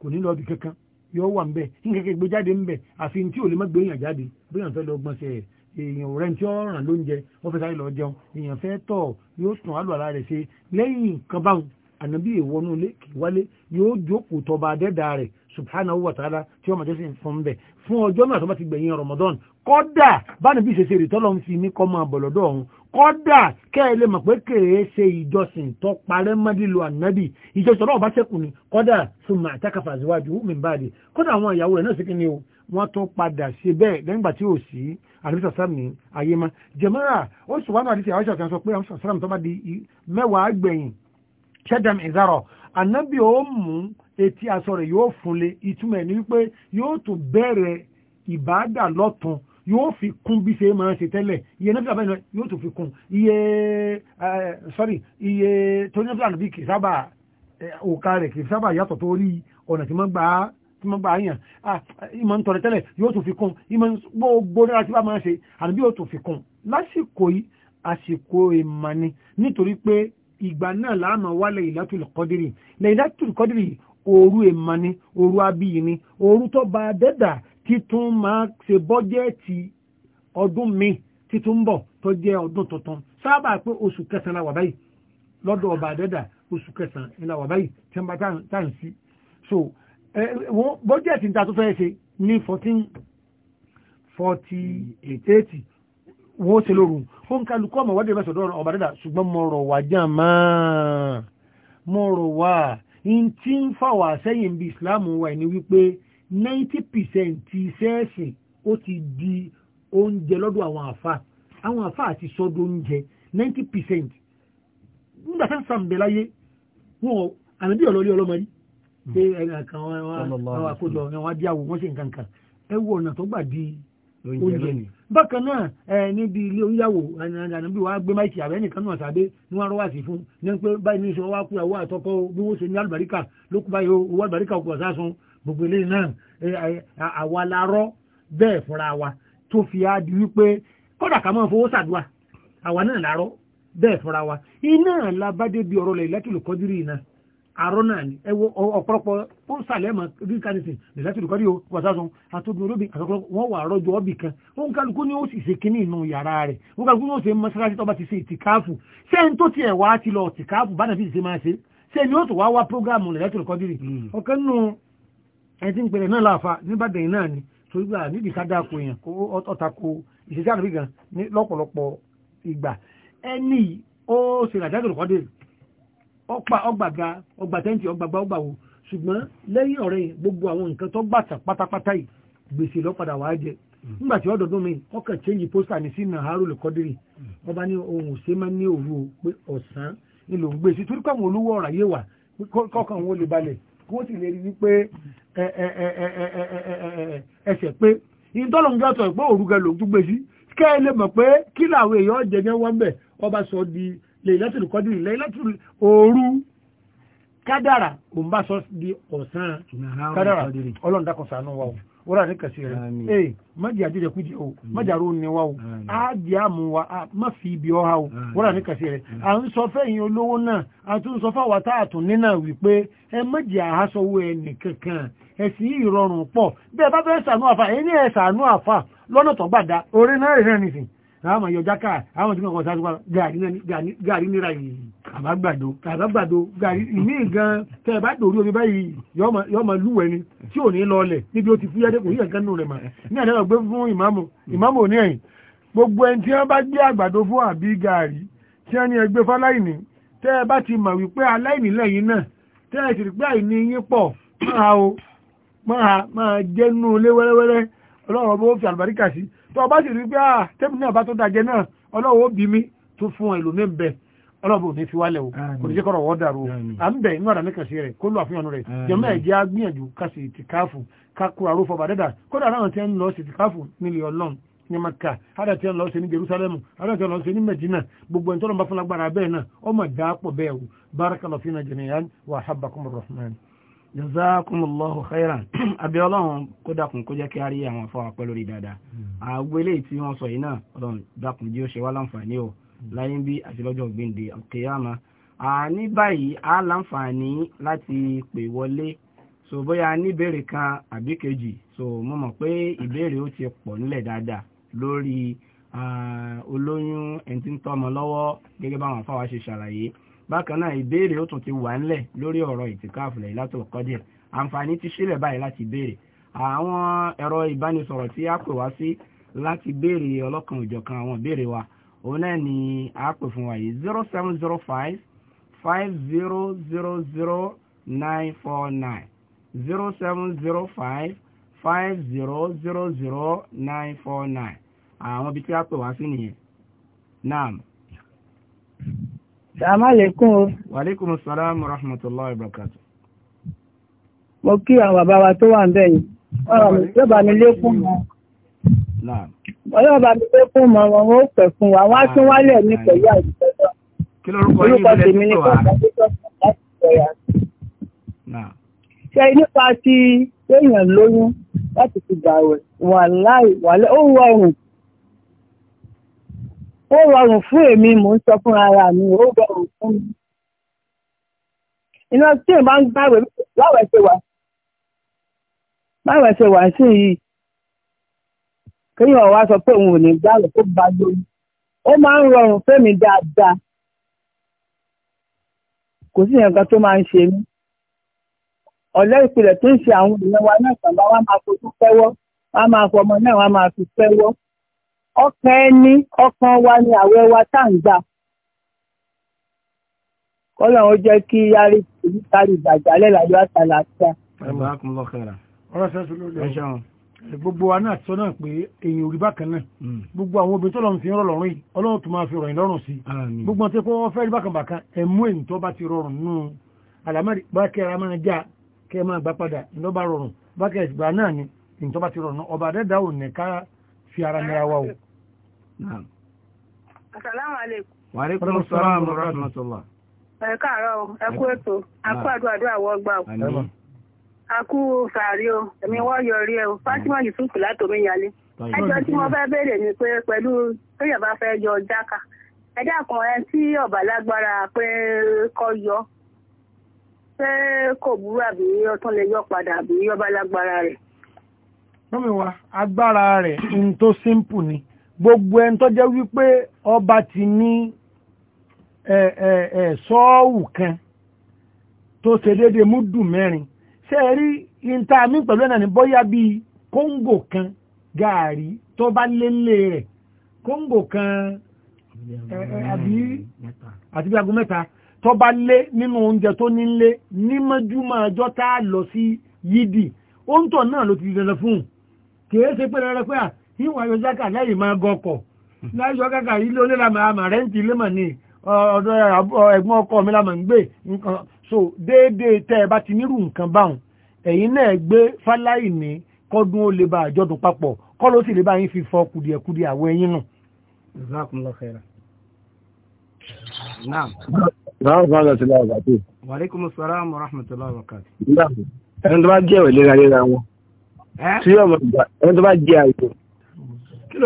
kò ní lọ́ọ́bì kankan yóò wà ń bẹ̀ ní kẹ́kẹ́ gbé jáde ń bẹ̀ àfi tí ò lè má gbé èèyàn jáde bí èèyàn fẹ́ lọ gbọ́n sí ẹ̀ èèyàn rẹ̀ tí ó ràn lóúnjẹ wọ́n fẹ́ sáré lọ jẹun èèyàn fẹ́ tọ̀ yóò tàn á lò ara rẹ̀ ṣe lẹ́yìn nǹkan báwọn ànábì ìwọnú kì wálé yóò jókòó tọba adẹ́dà rẹ̀ subhanahu wa ta'ala tí wọ́n máa jẹ́sìn fún bẹ̀ fún ọjọ́ mẹ́ta tó bá ti gbẹ̀yìn Ramadan kọ́dà báni bí ìṣẹ̀ṣẹ̀ ìrìtọ́lọ́ ń fi ní kọ́ máa bọ̀ lọ́dọ̀ ọ̀hún kọ́dà kẹ́ẹ̀lẹ́ mọ̀ pé kèrè ṣe ìjọsìn tó parẹ́ mọ́dílò ànábì ìjọsìn ọlọ́ọ̀bá sẹ́kù ni kọ́dà fún màtákàfà síwájú mi báyìí kọ́dà àwọn ìyàwó rẹ̀ náà sí kí ni o wọ́n tó padà ṣe bẹ́ẹ̀ lẹ́yìn ìgbà tí ò sí àlùfíà sàlám ní ayé mọ́ jẹ̀mọ́ra ó sì wá náà àdìsí àwọn ìṣàkóso sọ pé àlùfíà sàlám tó bá di mẹ́wàá gbẹ̀yìn ṣẹ́dàm ìzárọ̀ ànábì ó mú etí aṣọ rẹ̀ yóò fúnlé ìtumọ̀ ní wípé yóò tún bẹ̀rẹ̀ ìbáàdà lọ́tun yóò fi kún bí ṣe máa ṣe tẹ́lẹ̀ iye nọ́fíà báyìí yóò tún fi kún iye sorry iye tó nọ́fíà nàbí kì í sábà òkà tí mo bá yàn ìmọ̀ ń tọrẹ tẹ́lẹ̀ yóò tún fi kún ìmọ̀ gbogbo rẹ̀ àti bá máa ṣe àbí yóò tún fi kún lásìkò yìí àsìkò ìmọ̀ni nítorí pé ìgbà náà láàmà wá Laylatul Qadri Laylatul Qadri òru ìmọ̀ni òru abíyì ni òru tó bá dẹ́dà títún máa ṣe bọ́jẹ́ẹ̀tì ọdún mi títún ń bọ̀ tó jẹ́ ọdún tuntun sábà pé oṣù kẹsàn-án la wà báyìí lọ́dọ̀ ọba dẹ́dà oṣù kẹsàn la wà báyìí tí wọ́n bá tá à ń sí so bọ́jẹ̀tì ìta tó fẹ́ ṣe ní 1448 wọ́n ṣe lóru ó ń kálukọ́ ọmọ wádìí mẹ́sàn dọ́rọ̀ ọba dẹ́dà ṣùgbọ́n mo rọ̀ wá jà máa mo rọ̀ wá in tí ń fà wá sẹ́yìn bí Islam wà ní wípé 90% ti sẹ́ẹ̀sìn ó ti di oúnjẹ lọ́dọ̀ àwọn àfa àwọn àfa àti sọ́dọ̀ oúnjẹ 90% nígbà sáǹsà ń bẹ láyé wọn àmì bí ọlọ́lé ọlọ́mọdé pé ẹ̀rìn kan wọn àkójọ wọn bí àwò wọ́n sì nǹkan kan ẹ wo ọ̀nà tó gbà di oúnjẹ ni bákan náà ẹ níbi ilé oníyàwó ànábì wa gbé máìkì àbẹ́ nìkan náà sàbẹ́ ní wọ́n rọ́wà sí fún ní pé báyìí ní ìṣọ́ wá kú àwọn àtọ́kọ́ bí wọ́n ṣe ní alùbáríkà ló kú báyìí owó alùbáríkà kò sásun gbogbo eléyìí náà àwa la rọ́ bẹ́ẹ̀ fúnra wa tó fi á di wípé kódà ká máa fowó sàdúà àwa náà la rọ́ bẹ́ẹ̀ fúnra wa iná làbádé bí ọ̀rọ̀ lẹ̀ lẹ́tùlù kọ́dírì náà àárọ̀ náà ni ẹwọ ọ̀pọ̀lọpọ̀ ó ń sàlẹ̀ mọ̀ green candidate lè láti rìkọ́dí o wàsásùn àtòbí olóbi àtọ́kọ́lọ́ wọ́n wà rọ́jò ọ́bì kan ó ń kálukú ní ó sì ṣe kíní inú yàrá rẹ̀ ó ń kálukú ní ó ṣe mọ́ṣáláṣí tó bá ti ṣe ìtìkáàfù ṣé ń tó tiẹ̀ wá ti lọ ìtìkáàfù bá nàbí ṣe máa ṣe ṣé ni ó tó wá wá prógáàmù lè láti rìkọ́dí hmm. ni torí gbà nídìí ká dáko èèyàn kó ọ̀tàkó ọpa ọgbàga ọgbà tẹ́ǹtì ọgbàgbà ọgbàwò ṣùgbọ́n lẹ́yìn ọ̀rẹ́ gbogbo àwọn nǹkan tó gbàtà pátápátá yìí gbèsè lọ́padà wàá jẹ nígbà tí ọdọọdún mi ọkàn change pósítà ní sí nàárò lè kọ́dírì wọn bá ní ohun òsè máa ní òru o pé ọ̀sán ni lòún torí olówó ọ̀rà yé wà kọ́kàn wọn lè balẹ̀ kí wọ́n sì lè rí Laylatul Qadr Laylatul òru kádàrà di ọ̀sán kádàrà o wọ́n rà ní rẹ̀ ee májì àjẹjẹ kújẹ o májì àrò ní wa o ájì àmú wa má fi ibi ọha o wọ́n rà ní kàṣí rẹ̀ à ń sọ fẹ́yìn olówó náà a tún sọ fáwọn nínà wípé ẹ májì ẹ nìkankan bá sànú àfà sànú àfà tó gbàdá náà àwọn ọmọ yọjá káà àwọn tí wọ́n kọ̀ sáré wá gàrí níra yìí àbágbàdo àbágbàdo gàrí ìní gan tẹ́ bá dòrí omi báyìí yọ́ ma lúwẹ̀ ni tí ò ní lọlẹ̀ níbi ó ti fúyẹ́ dẹ́kun yíyàn kan nù rẹ̀ mà ní àdáyọ̀ gbé fún ìmáàmù ìmáàmù òní ẹ̀yìn gbogbo ẹni tí wọ́n bá gbé àgbàdo fún àbí gàrí tí wọ́n ní ẹgbẹ́ fáláìní tẹ́ bá ti mọ̀ wípé aláìní lẹ́yìn náà tẹ́ ẹ ti rí pé àìní yín pọ̀ fi àlùbáríkà tó ọba sì rí pé à ah, tẹ́mi náà bá tó dàjẹ́ náà ọlọ́wọ́ bí mi tó fún ẹlòmí ń bẹ ọlọ́bù ní fiwálẹ̀ o kò ní jẹ́ kọ́rọ̀ wọ́n dàrú o à ń bẹ̀ inú àdáni kàṣí rẹ̀ kó lọ àfihàn rẹ̀ jẹ́mọ́ ẹ̀jẹ̀ á ká sì ti ká fọba dẹ́dà kódà àwọn tí ń lọ sí ti nílé ọlọ́run o wa jazakumullahu khairan abẹ́ ọlọ́run kó dákun kó jẹ́ kí a rí àwọn afọ́ àpẹ́ lórí dáadáa hmm. àgbo eléyìí tí wọ́n sọ yìí náà ọlọ́run dákun jí ó ṣe wá láǹfààní o hmm. láyé ń bí àti lọ́jọ́ gbèǹde àkèyàmá ní báyìí a láǹfààní láti pè wọlé so boya ní ìbéèrè kan àbí kejì so mo mọ̀ pé ìbéèrè ó ti pọ̀ nílẹ̀ dáadáa lórí olóyún ẹni tí ń tọ́ ọmọ lọ́wọ́ gẹ́gẹ́ báwọn afáwa ṣe ṣàlàyé bákan náà ìbéèrè ó tún ti wà ńlẹ̀ lórí ọ̀rọ̀ ìtìkáàfù Laylatul Qadr àǹfààní ti sílẹ̀ báyìí láti béèrè àwọn ẹ̀rọ ìbánisọ̀rọ̀ tí a pè wá sí láti béèrè ọlọ́kan òjọ̀kan àwọn ìbéèrè wa òun náà ni a pè fún wa yìí zero seven zero five five zero zero zero nine four nine zero seven zero five five zero zero zero nine four nine àwọn ibi tí a pè wá sí nìyẹn naam. Assalamu o. Mo kí àwọn bàbá wa tó wà ń bẹ̀ Ọ̀rọ̀ mi tó bá mi lékún mọ́. Ọlọ́run mi lékún wọn ó pẹ̀ fún wa. Wọ́n á tún wálẹ̀ ní pẹ̀lú àìsíkọ́jọ́. Kí lórúkọ yìí ló lẹ́sìn nípa ti lóyún láti fi gbà wẹ̀? wà ó ó rọrùn fún èmi mò ń sọ fún ara mi ó rọrùn fún mi. iná tí èèyàn bá ń gbàwé láwẹ̀ ṣe wà láwẹ̀ ṣe wà sí yìí kéèyàn wá sọ pé òun ò ní gbàwé kó bá lórí ó máa ń rọrùn fẹ́mi dáadáa kò sí nǹkan tó máa ń ṣe mí ọ̀lẹ́ ìpìlẹ̀ tó ń ṣe àwọn èèyàn wa náà wa fọmọ náà wa máa fi pẹ́wọ́. ọkàn ẹni ọkàn wa ni àwẹ̀ wa tá à ń gbà kọ́lọ̀ ó jẹ́ kí yárí èyí sáré ìgbàjálẹ̀ láyé àtàlàáfíà. gbogbo wa náà sọ náà pé èyàn ò rí bákan náà hmm. gbogbo àwọn obìnrin tó lọ́n fi rọ̀ lọ́rùn yìí ọlọ́run tó máa fi rọ̀ yìí lọ́rùn sí i gbogbo àti pé wọ́n fẹ́ rí bákan bàkan ẹ̀mú èyí tó bá ti rọrùn nù àlámọ́rí bá ara máa já kẹ́ máa gbá padà ló rọrùn bá ìgbà náà ni èyí tó bá ti rọrùn ọba àdẹ́dà ò Naam. Assalamu Wa assalam wa rahmatullah. Ẹ káàárọ̀ o, ẹ kú ètò, a kú àdúrà àdúrà wọ́ gbà o. A kú sàárì o, èmi wọ́n tutu ẹ o, Fátímọ̀ Yusuf látòmí Ẹjọ́ tí wọ́n fẹ́ béèrè ni pé pẹ̀lú tóyẹ̀ bá fẹ́ yọ jáka. Ẹ ẹ tí ọ̀bà pé kọ́ yọ. Ṣé kò burú àbí lè yọ padà àbí ọba lágbára rẹ̀? rẹ̀ ń tó ni. gbogbo ẹni tó jẹ́ wípé ọba ti ní sọ́ọ̀wù kan tó ṣe déédéé múdù mẹ́rin ṣe rí ìntàmí pẹ̀lú ẹ̀nà ní bóyá bíi kóńgò kan gàárì tó bá lélé rẹ̀ kóńgò kan àti bí aago mẹ́ta tó bá lé nínú oúnjẹ tó nílé ní tá a lọ sí yídì oúnjẹ náà ló ti dandan fún un kì í ṣe pé dandan pé à ìwà yọ jákà lẹ́yìn máa gọkọ̀ láìsọ kàkà ilé onílà màmá rẹ́ǹtì ilé mọ̀ ni ọ̀dọ̀ ẹ̀gbọ́n ọkọ mi la mọ̀ ń gbé nǹkan so déédéé tẹ́ ẹ bá ti nírú nǹkan báwọn ẹ̀yin náà gbé fáláì ní kọ́dún ó lè bá àjọdún papọ̀ kọ́ ló sì lè bá yín fi fọ kùdìẹ̀kudìẹ̀ àwọ̀ ẹ̀yin nù. Jazakumullahu lọ sí láàbà tó? Wàlékùn sàrámù rahmatullahi wa Ẹni tó bá jẹ́ ìwé léraléra wọn. ẹni tó bá jẹ́ àìsàn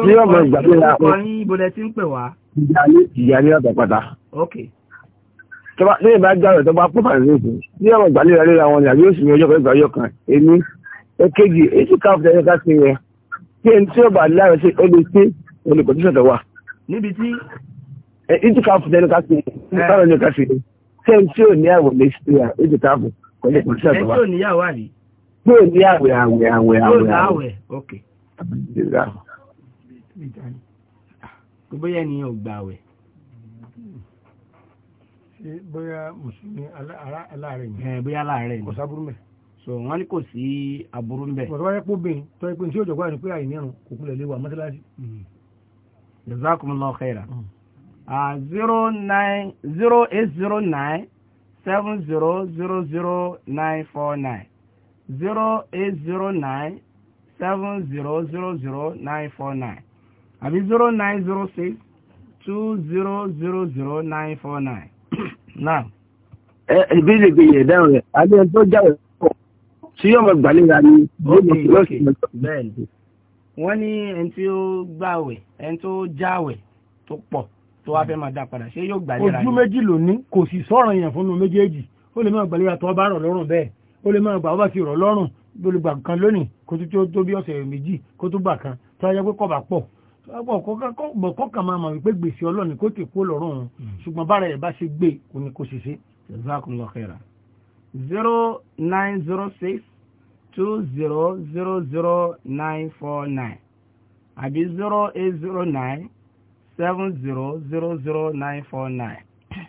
ní ọmọ ìgbà tó yà pé ìyá ní ọ̀tọ̀ pátá. ní ìbá jáwé tó bá pọ̀ fàánù nìkan ní ọmọ ìgbà lè rẹ́ra wọn ni àbí oṣù mi ọjọ́ kan ìgbà ọjọ́ kan èmi èkejì èsì káfíńtà ẹ̀ka ká sí yẹn kí ẹni tí ó bá lára ṣe ó lè ṣe olùkọ́ tó ṣẹ̀tọ̀ wà. níbi tí. èsì káfíńtà ẹ̀ka sí yẹn káfíńtà ẹ̀ka kò ah, bóyá ènìyàn ò gbà wẹ̀. ṣé bóyá mùsùlùmí aláàárẹ̀ ni. ẹ bóyá aláàárẹ̀ ni. kò sábúrú mẹ́. so wọ́n ní kò sí aburú ń bẹ̀. bọ̀dọ̀ wáyé pọ̀ bẹ́ẹ̀ tọ́ ẹ pé tí òjò gbọ́dọ̀ ní pé àìní ẹ̀rùn kò kúnlẹ̀ léwu àmọ́sálásí. Mm-hmm. jazakumullahu khaira. Mm. Ah, zero nine zero eight zero nine seven zero zero zero nine four nine zero eight zero nine seven zero zero zero nine four nine àbí zero nine zero six two zero zero zero nine four nine now. ẹ ẹ bí lè gbé yẹn dáhùn rẹ àbí ẹni tó jáwé pọ tí yóò mọ gbàlera ni ó lè fi lọ́sì lọ́sì. bẹ́ẹ̀ni wọn ní ẹni tí ó gbàwẹ̀ ẹni tó jáwẹ̀ tó pọ̀ tó wá fẹ́ máa dá padà ṣé yóò gbàlera ni. ojú méjì ló ní kò sì sọ̀rọ̀ yẹn fún un méjèèjì ó lè máa gbàlera tó bá rọ̀ lọ́rùn bẹ́ẹ̀ ó lè máa gbà ó bá ti rọ̀ lọ́rùn olùgbà kan lónìí kó tó tó bí ọ̀sẹ̀ méjì kó tó gbà kan tó kọ́kàn máa mọ̀ wípé gbèsè ọlọ́ni kó ti kó lọ́rùn òun hmm. ṣùgbọ́n bára ẹ̀ bá ṣe gbé kò ní kó ṣiṣẹ́ jazakumullah khaira. zero nine zero six two zero zero zero nine four nine àbí zero eight zero nine seven zero zero zero nine four nine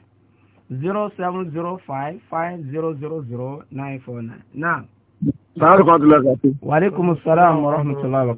zero seven zero five five zero zero zero nine four nine. naam. sàrùkọ́ tó lọ sí. wàlẹ́kùmù sàlámù wa rahmatullahi wa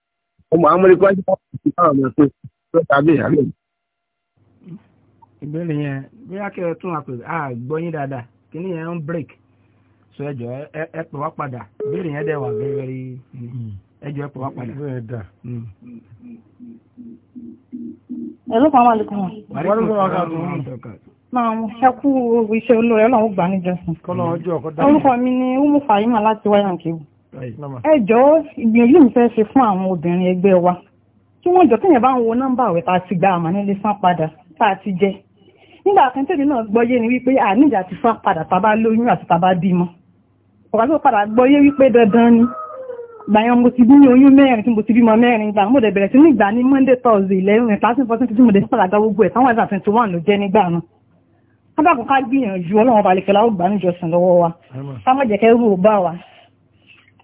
ọmọ àwọn ọmọdé kwájú bá ti báwọn ọmọ pé lọ́ta bẹ́ẹ̀ àlọ́. ìbéèrè yẹn bí akẹ́rẹ́ tún àpèrè a gbọ́ yín dáadáa kí ni yẹn ń break so ẹjọ ẹ pè wá padà ìbéèrè yẹn dẹ̀ wà very ẹjọ ẹ pè wá padà. ẹ̀rọ kan wà lẹ́kọ̀ọ́. wàlúù kọ́ wà ká tó wọn máa mú ṣẹ́kù iṣẹ́ olóore ọlọ́run gbà níjọsìn. kọ́lọ́ ọjọ́ ọ̀kọ́dá. orúkọ mi ni umu fahima láti wáyà nkébù ẹ jọ̀ọ́ ìgbìyànjú mi fẹ́ ṣe fún àwọn obìnrin ẹgbẹ́ wa kí wọ́n jọ kéèyàn bá ń wo nọ́mbà àwẹ̀ tá a ti gba àmánilé san padà tá a ti jẹ nígbà kan tèmi náà gbọ́yé ni wípé àníjà ti fa padà tá a bá lóyún àti tá a bá bímọ ọ̀gá tó padà gbọ́yé wípé dandan ni gbàyàn mo ti bí ní oyún mẹ́rin tí mo ti bímọ mẹ́rin gbà mo dẹ̀ bẹ̀rẹ̀ sí ní ìgbà ní monday thursday eleven thirteen fourteen fifteen mo dẹ̀ sípàdà gba gbogbo ẹ̀ táwọn ẹ̀sà twenty one ló jẹ́ nígbà náà kábàkùn ká gbìyànjú ọlọ́run balẹ̀kẹ́lá ó gbà níjọsìn lọ́wọ́ wa ká má jẹ́ kẹ́rù ó bá wa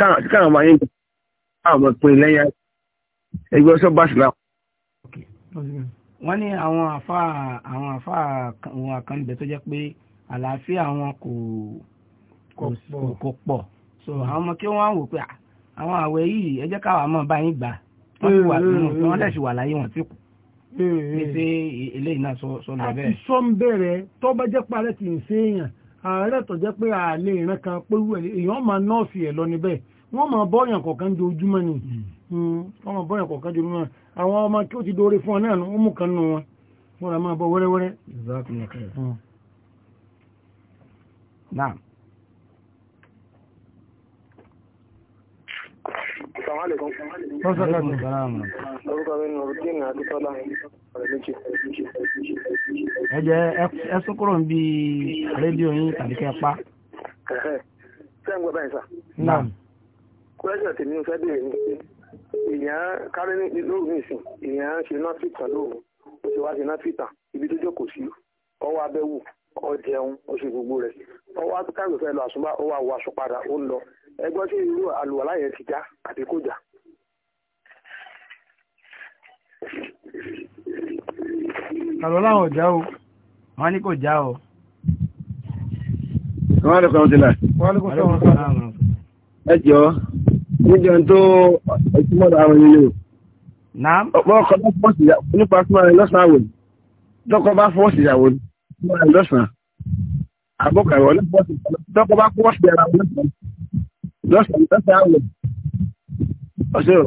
káwọn ọmọ yẹn káwọn ọmọ pin lẹ́yìn ẹgbẹ́ ọsọ bá sílá. wọ́n ní àwọn àfa àwọn àfa àwọn àkànbẹ tó jẹ́ pé àlàáfíà wọn kò kò pọ̀ so àwọn ọmọ kí wọ́n wò pé ah, àwọn àwẹ̀ yìí ẹ jẹ́ káwọn àmọ́ bá yín gbà wọ́n sì wà mm-hmm. nínú wọ́n lẹ̀ sì wà láyé wọn tí kù pèsè eléyìí náà sọ lọ bẹ́ẹ̀. àti sọ́ńbẹ̀rẹ̀ tó bá jẹ́ parẹ́ kì í ṣe èèyàn ààrẹ tọ̀ jẹ́ pé ààlè ìran kan pé èèyàn máa nọ́ọ̀sì ẹ̀ lọ níbẹ̀ wọ́n máa bọ́yàn kọ̀ọ̀kan dojúmọ́ ni hmm. Hmm, wọ́n máa bọ́yàn kọ̀ọ̀kan dojúmọ́ àwọn ọmọ tí ó ti dóore fún ọ náà ó mú kan nù wọn wọ́n rà bọ́ wẹ́rẹ́wẹ́rẹ́. Assalamu alaikum. Wọ́n sọ́kà tó sàlámù. Orúkọ mi Nurudeen Akíntọ́lá. Ẹ kúrò ń bí rédíò yín tàbí kẹ́ pa. Ṣé ń gbọ́ báyìí sà? Náà. Kúrẹ́sì tèmi ń fẹ́ bèèrè ní pé èèyàn kárí ní lóru ní ìsìn èèyàn ń ṣe náà fìtà lóru ó ṣe wá ṣe náà fìtà ibi tó jókòó sí ọwọ́ abẹ́wò ó jẹun ó ṣe gbogbo rẹ̀ ọwọ́ akẹ́kọ̀ọ́ fẹ́ lọ àṣùbà ó wà wọ aṣọ padà ó ń lọ ẹgbọ́n sí irú àlùwàlá yẹn ti já àbí kò já. àlùwàlá wọn ò já o wọn ní kò já o. wọ́n á lè kọ́ ọ́n ti là. wọ́n á lè kọ́ ọ́n ti là. ẹ jọ níjọ tó ìtumọ̀dọ̀ àwọn ilé o. naam. ọ̀pọ̀ ọkọ̀ bá fọ́ọ̀sì nípa fúnra rẹ̀ lọ́sàn-án àwòrán tọkọ bá fọ́ọ̀sì ìyàwó fúnra rẹ̀ lọ̀sán àbọ̀kàwọ̀ lọ́sàn-án tọkọ bá fọ́ọ̀sì ìyàwó lọ́sàn-án lọ́sàn-án àwẹ̀ ọ̀ṣẹ́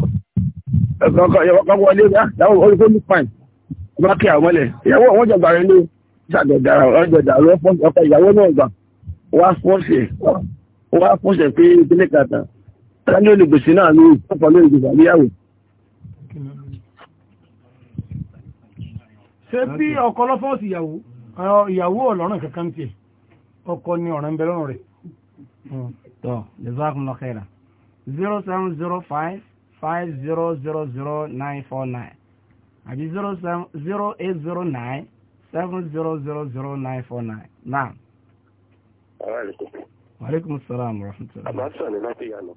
ọkọ̀ wọlé láwọn olùkọ́ ní pàìn bá kí àwọn mọ́lẹ̀ ìyàwó àwọn jọba rẹ̀ ló ṣàdọ̀dára ọjọ́dà ọkọ̀ ìyàwó náà gbà wá fọ́ọ̀ṣẹ̀ wá fọ́ọ̀ṣẹ̀ pé ìpínlẹ̀ kàtà tání olùgbèsè náà ló pọ̀pọ̀ lórí ìgbèsè àríyáwó. ṣé bí ọkọ lọ́fọ́ọ̀sì ìyàwó ìyàwó ọ̀lọ́rùn kankan tiẹ̀ ọkọ ni ọ̀ràn ń bẹ lọ́rùn rẹ̀ tọ́ jazakumullahu khairan zero seven zero five five zero zero zero nine four nine àbí zero seven zero eight zero nine seven zero zero zero nine four nine naam. wa aleykum salaam wa rahmatulah. àbá sọ̀rọ̀ láti yànnà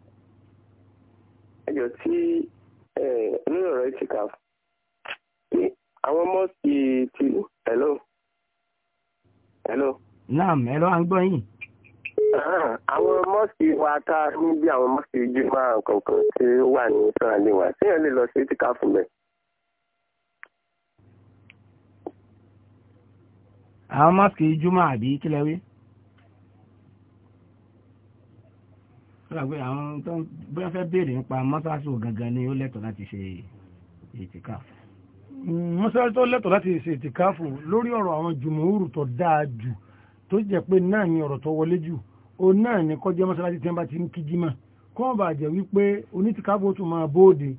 ẹjọ́ tí onírọ̀rọ̀ ti kà ní àwọn mọ́ọ̀sì tìlú hello hello. naam hello à ń gbọ́ yín. mọ́sìkì wa ká níbi àwọn mọ́sìkì jimá kankan tí ó wà ní sàrànlẹ̀ wa téèyàn lè lọ sí tíkà fún bẹ́ẹ̀. àwọn mọ́sìkì jimá àbí kílẹ̀ wí. àwọn tó ń bóyá fẹ́ béèrè nípa mọ́sáàsì gangan ni ó lẹ́tọ̀ọ́ láti ṣe ìtìkáfù. mọ́sáàsì tó lẹ́tọ̀ọ́ láti ṣe ìtìkáfù lórí ọ̀rọ̀ àwọn jùmọ̀ òrùtọ̀ dáa jù tó jẹ́ pé náà ni ọ̀rọ̀ tó wọlé jù. o náà ní kọjá mọ́sálásí tí wọ́n bá ti ń kíjímà kọ́ bá jẹ́ wípé onítìkábò tún máa bóde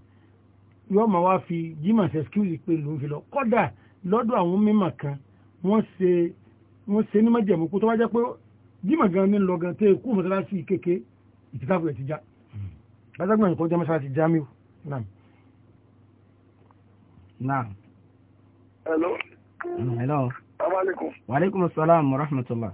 yóò máa wá fi jímà ṣe skills pé ló ń fi lọ kọ́dà lọ́dọ̀ àwọn mímọ̀ kan wọ́n ṣe wọ́n ṣe ní májẹ̀mú kó tó wá jẹ́ pé jímà gan ní lọ gan tẹ́ kú mọ́sálásí kéke ìtìkábò ẹ̀ ti já lágbàgbọ́n nǹkan jẹ́ mọ́sálásí jamiu náà. Naam. Hello. Hello. Assalamu alaikum. Wa alaikum wa rahmatullah.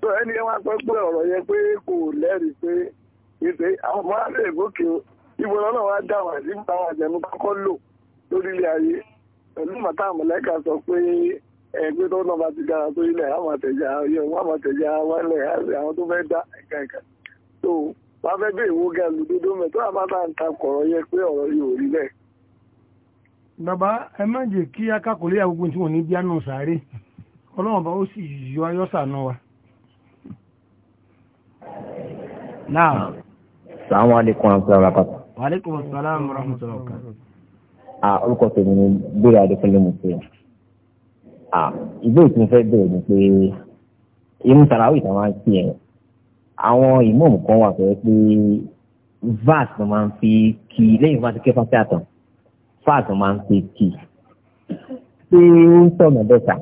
tó ẹni yẹn wá sọ ọ̀rọ̀ yẹn pé kò lẹ́rìí pé ìpè àwọn ọmọ aráàlú ìgbókè o ìbò lọ́nà wá dá wà sí àwọn àjẹmú kọ́kọ́ lò lórílẹ̀ ayé pẹ̀lú màtá àmọ̀lẹ́kà sọ pé ẹgbẹ́ tó náà bá ti dára tó ilẹ̀ àwọn ayé wọn àwọn àwọn tó fẹ́ dá ẹ̀ka ẹ̀ka tó wá fẹ́ ga lùdódó mẹ́ tó ń ta kọ̀rọ̀ yẹ pé ọ̀rọ̀ rí bẹ́ẹ̀. bàbá ẹ má kí wọ́n ní bíánù sáré ọlọ́run bá ó yọ ayọ́sà Naam. Sàwọn alaikum ọ̀sán rapata. Wa alaikum assalam rahmatullahi wa barakatuh. À orúkọ tèmi ni Bírí Adékúnlé Mùsùlùmí. À ìgbé ìpín fẹ́ bẹ̀rẹ̀ ni pé irú Tàràwì tàwọn á kí ẹ̀. Àwọn ìmọ̀ọ̀mù kan wà pé pé VAT ló máa ń fi kí lẹ́yìn VAT kẹfà sí àtàn. VAT ló máa ń fi kí. Ṣé ó ń sọ̀nà bẹ́ẹ̀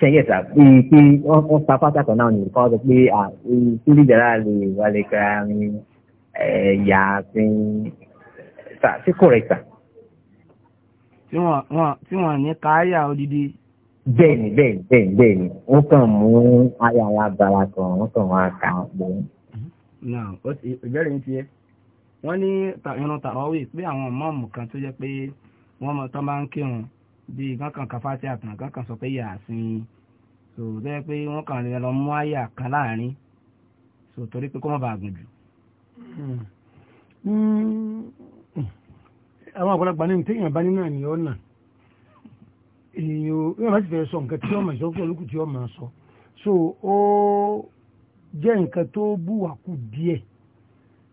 ṣe yẹ sá pé pé wọ́n fa pátákó náà ní kọ́ pé sílí ìjọba lè wọlé ká ní ẹ̀yà sí sá sí kò rẹ̀ sá. tí wọ́n ní káyà odidi. bẹ́ẹ̀ni bẹ́ẹ̀ni bẹ́ẹ̀ni bẹ́ẹ̀ni wọ́n kàn mú ayé àwọn abala kan wọ́n kàn wá kà á pọ. ìbéèrè yín ti yẹ wọ́n ní irun tàwọn wí pé àwọn mọ́ọ̀mù kan tó jẹ́ pé wọ́n mọ tán bá ń kírun bíi kankan kafáṣí àtàn kankan sọ pé yàásìn so tó yẹ pé wọn kàn lè lọ mú àyà kan láàrin so torí pé kó má bàa gùn jù. Hmm. Hmm. àwọn àgbàlagbà ní téèyàn bá nínú àníyàn ọ̀nà èèyàn yóò bá sì fẹ́ sọ nǹkan tí ọmọ ìṣọ́kùn olùkù tí ọmọ sọ so ó jẹ́ nǹkan tó búwa kù díẹ̀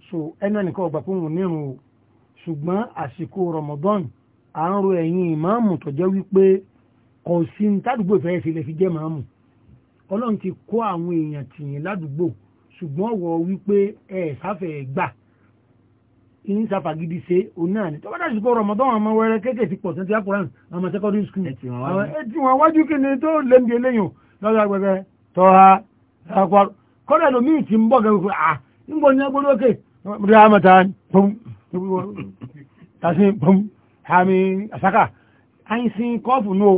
so ẹnu ẹnìkan ọgbà pé òun nírun o ṣùgbọ́n àsìkò Ramadan à ń ro ẹ̀yìn ìmáàmù tó jẹ́ wípé kò sí ní tádùúgbò ìfẹ́ ìfilẹ̀ fi jẹ́ màámù ọlọ́run ti kó àwọn èèyàn tìyìn ládùúgbò ṣùgbọ́n ọ̀wọ́ wípé ẹ sáfẹ́ gbà ní sàfàgídí ṣe òun náà ni tọ́bátà ṣùgbọ́n rọmọdán ọmọ wẹrẹ kéékèèké pọ̀ sí ti akọrin ọmọ secondary school ẹtì wọn wájú kí ni tó lé ní eléyìn lọ́dọ̀ agbẹ̀gbẹ̀ tọ́ha ẹ̀kọ́ kọ́dà lómi ti ń bọ̀ gẹ́gẹ́ à ah, ń bọ̀ ní agbọ́dọ̀ òkè rí àmọ́ta pọ́m tàṣí pọ́m àmì àsákà àìsìn kọ́ọ̀fù ní o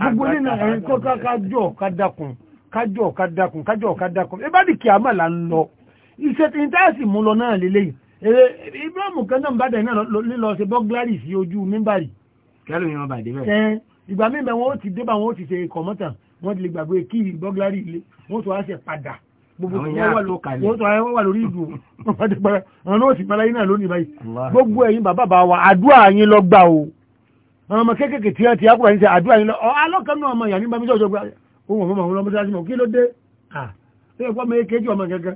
gbogbo nínú ẹ̀rin kó kájọ̀ kádàkùn kájọ̀ kádàkùn kájọ̀ kádàkùn ẹ bá di kí a máa là ń lọ iṣẹ́ tí táàsì mú lọ náà lélẹ́yìn ibrahim kanam bàdà iná lílọ ṣe bọ́gláàrì sí ojú mímbàrì kẹ́lù yìí wọ́n bàdé bẹ́ẹ̀ ìgbà mímbà wọn ó ti débà wọn ó ti ṣe kọ̀mọ́tà wọ́n ti lè gbàgbé kí bọ́gláàrì ilé wọ́n tó wá ṣe padà gbogbo wọ́n bàbá bá wa àdúrà yín lọ gbà o àwọn ọmọ kéékèèké tí wọ́n ti ákùrà yín sẹ àdúrà yín lọ alọ́kànnú ọmọ ìyá nígbà méjì ọjọ́ ohun ọmọ ọmọ ọmọdé láti mọ̀ kí ló dé à ṣé ẹ̀kọ́ ọmọ èkejì ọmọ gẹ́gẹ́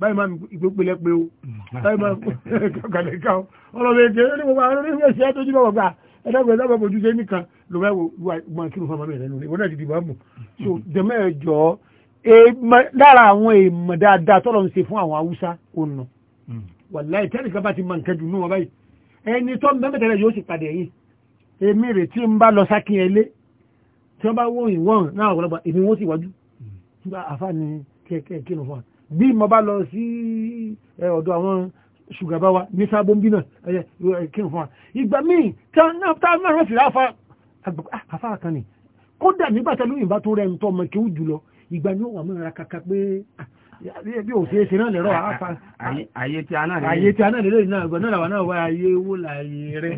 báyìí máa ìgbé pélé pé o báyìí máa gàdé ká o ọlọ́mọ èkejì ó ní gbogbo àwọn oníṣẹ́ ìṣẹ́ àtọ́jú bọ̀ gbà ẹ̀dọ́gbẹ̀ sábà bójú ṣe nìkan lọ́wọ́ so dẹ̀mẹ́ ẹ̀jọ́ lára àwọn èèmọ̀ dáadáa tọ́lọ̀ ń ṣe fún àwọn haúsá ònà hmm. wàláì tẹ́nìkan bá ti mọ nǹkan jù nú wọn báyìí ẹni tó mẹ́mẹ́tẹ̀lẹ̀ yóò sì padà yìí èmi rè tí ń bá lọ sákín ẹlé tí wọ́n bá wọ́n ìwọ̀n náà ọ̀pọ̀lọpọ̀ èmi wọ́n sì wájú nígbà àfáàní kẹ́kẹ́ kínú fún wa bí mo bá lọ sí ọ̀dọ̀ àwọn ṣùgbọ́n wa ní sábọ́nbí náà kínú fún wa ìgbà míì ni kódà nígbà tẹ́lú ìbá tó rẹ̀ ń tọ́ ìgbà ni ó wà mọ́ra kàkà pé ah, bí ò ṣeéṣe náà lẹ́rọ àáfà ah, ah, ayé tí a náà lélẹ́ ìná ìgbà náà làwọn náà wá ayé wó láàyè rẹ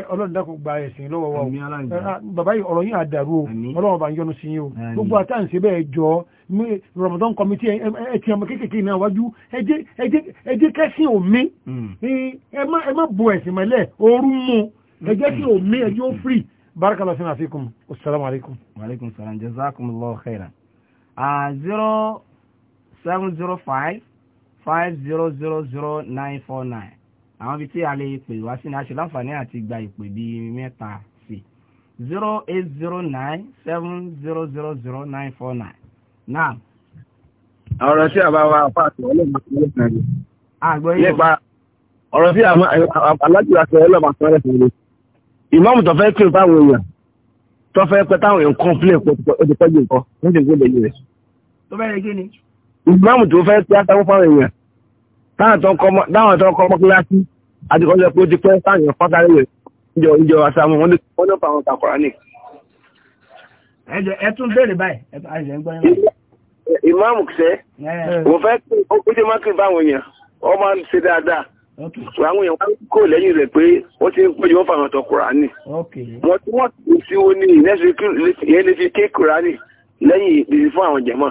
ọlọ́run dákun gba ẹ̀sìn lọ́wọ́ wa bàbá yìí ọ̀rọ̀ yìí àdàrú o ọlọ́run bá ń yọnu sí yìí o gbogbo àtàǹsí bẹ́ẹ̀ jọ Ramadan committee ẹ ti ọmọ kéékèèké náà wájú ẹ jẹ́ kẹ́sìn òmí hmm. ẹ má bo ẹ̀sìn mọ́lẹ̀ ooru mu ẹ jẹ́ kí òmí ẹ jẹ́ ó free barakallahu fina fikum assalamu alaikum. wa alaikum salam jazakumullahu khairan zero seven zero five five zero zero zero nine four nine àwọn ibi tí a lè pè wá sí ní aṣọ láǹfààní àti gba ìpè bíi mẹ́ta sí zero eight zero nine seven zero zero zero nine four nine now. ọ̀rọ̀ tí àbá wa pàṣẹ ọlọ́mọkùnrin náà ni. àgbọ̀ yìí nípa ọ̀rọ̀ tí aláàjì àṣẹ ọlọ́mọkùnrin náà ni. ìmáàmù tó fẹ́ kí n fáwọn èèyàn tó fẹ́ pẹ́ táwọn èèyàn kọ́ńpìlẹ̀ pọ̀ ó ti pẹ́ jù nǹkan ó sì lẹ́yìn rẹ̀ tó fẹ́ ṣe kí ni. ìmáàmù tó fẹ́ tí a sanwó fáwọn èèyàn táwọn tó ń kọ́ mọ́kíláṣí àti kọ́jọ́ pé ó ti pẹ́ sáàyàn fọ́tàrí rẹ̀ ìjọ ìjọ àṣàmù wọn ló àwọn kàkọ́rà ní. ẹ èèyàn wọ́n kò lẹ́yìn rẹ̀ pé ó ti ń péjọ fún àwọn Kùránì. wọ́n tí wọ́n ti wo ni ìyẹn lè fi Kùránì lẹ́yìn ìdí fún àwọn jẹ̀mọ́.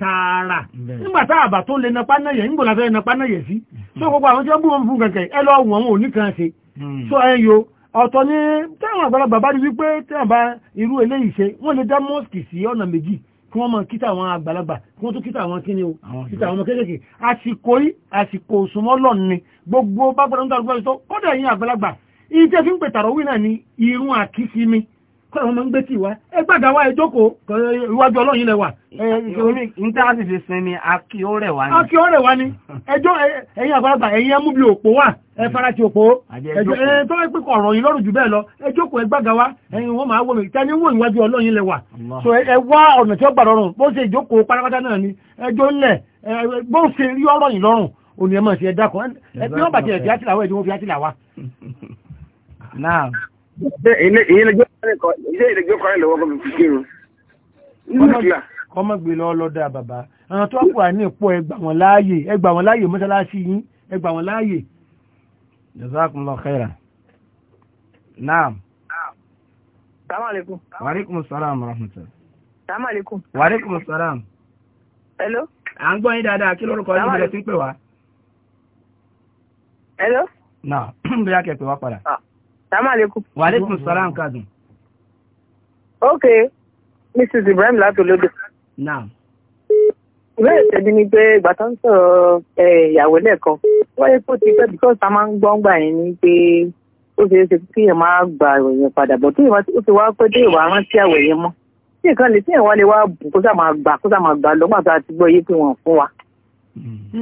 tààrà nígbà tá àbà tó lè napá náà yẹ̀ nígbà láfẹ́ napá náà yẹ̀ sí tó hmm. gbogbo àwọn tí wọ́n bú wọn fún kẹ̀kẹ́ ẹ lọ wọ̀n wọn ò ní kan ṣe tó hmm. ẹ yo ọ̀tọ̀ ni táwọn àgbàlagbà bá rí wípé táwọn bá irú eléyìí ṣe wọ́n lè dá mọ́ọ̀sì sí ọ̀nà méjì kí wọ́n máa kíta àwọn àgbàlagbà kí wọ́n tún kíta àwọn kíni o kíta àwọn kéékèèké àsìkò yìí àsìkò òsùnmọ́lọ̀ ni gbogbo bá gbọ́dọ̀ ń gbàgbọ́ tó kọ́dà yín àgbàlagbà iye tí a fi ń pè tàrọ̀wí náà ni irun àkísí mi kọ́ àwọn ọmọ ń gbé tì wá ẹ gbàgbà wá ẹ jókòó iwájú ọlọ́yin lẹ wà. níta sì fi sinmi akí ó rẹ̀ wá ni. akí ó rẹ̀ wá ni ẹjọ́ ẹ̀yin àgbàlagbà ẹ̀yin ẹmú bíi òpó wà ẹ hmm. fara ti òpó ẹjọ́ ẹ tó ẹ pé ọ̀rọ̀ yìí lọ́rùn jù bẹ́ẹ̀ lọ ẹ jókòó ẹ gbàgbà wá ẹ̀yin wọn máa wọ mi tani wọ iwájú ọlọ́yin lẹ wà. so ẹ wá ọ̀nà tí ó gbà rọrùn bó ni ẹjọ́ ńlẹ̀ bó ṣe rí ọ̀rọ̀ yìí lọ́rùn òní ẹ máa ṣe ẹ dákọ̀ ẹ bí wọ́n bàtẹ̀ kọ́mọ́ gbé lọ lọ́dọ̀ bàbá àwọn tó wà ní ipò ẹgbà wọn láàyè ẹgbà wọn láàyè mọ́sálásí yín ẹgbà wọn láàyè jazakumullahu khairan naam salaam alaikum wa alaikum salaam rahmatullah salaam alaikum wa alaikum salaam hello à ń gbọ́ yín dáadáa kí lórúkọ yín bẹ̀rẹ̀ sí pè wá hello náà bí a kẹ̀ pè wá padà ah sàmàlẹ́kùn. wàlẹ́kùn sọ́lá ń kàdùn. ok mrs ibrahim látòlódò. naam. ìbéèrè tẹ̀bi ni pé ìgbà tó ń sọ̀rọ̀ ìyàwó lẹ́ẹ̀kan wọ́n yẹ kó ti pẹ́ because ta máa ń gbọ́n gbà yẹn ni pé ó ṣeé ṣe kí èèyàn máa gba ìròyìn padà bọ̀ tí ó ti wá pé tí ìwà rántí àwẹ̀ yẹn mọ́ tí nǹkan lè tí èèyàn wá lè wá bù kó sá máa gbà kó sá máa gbà lọ́gbà tó a ti gbọ́ yé pé wọ́n fún wa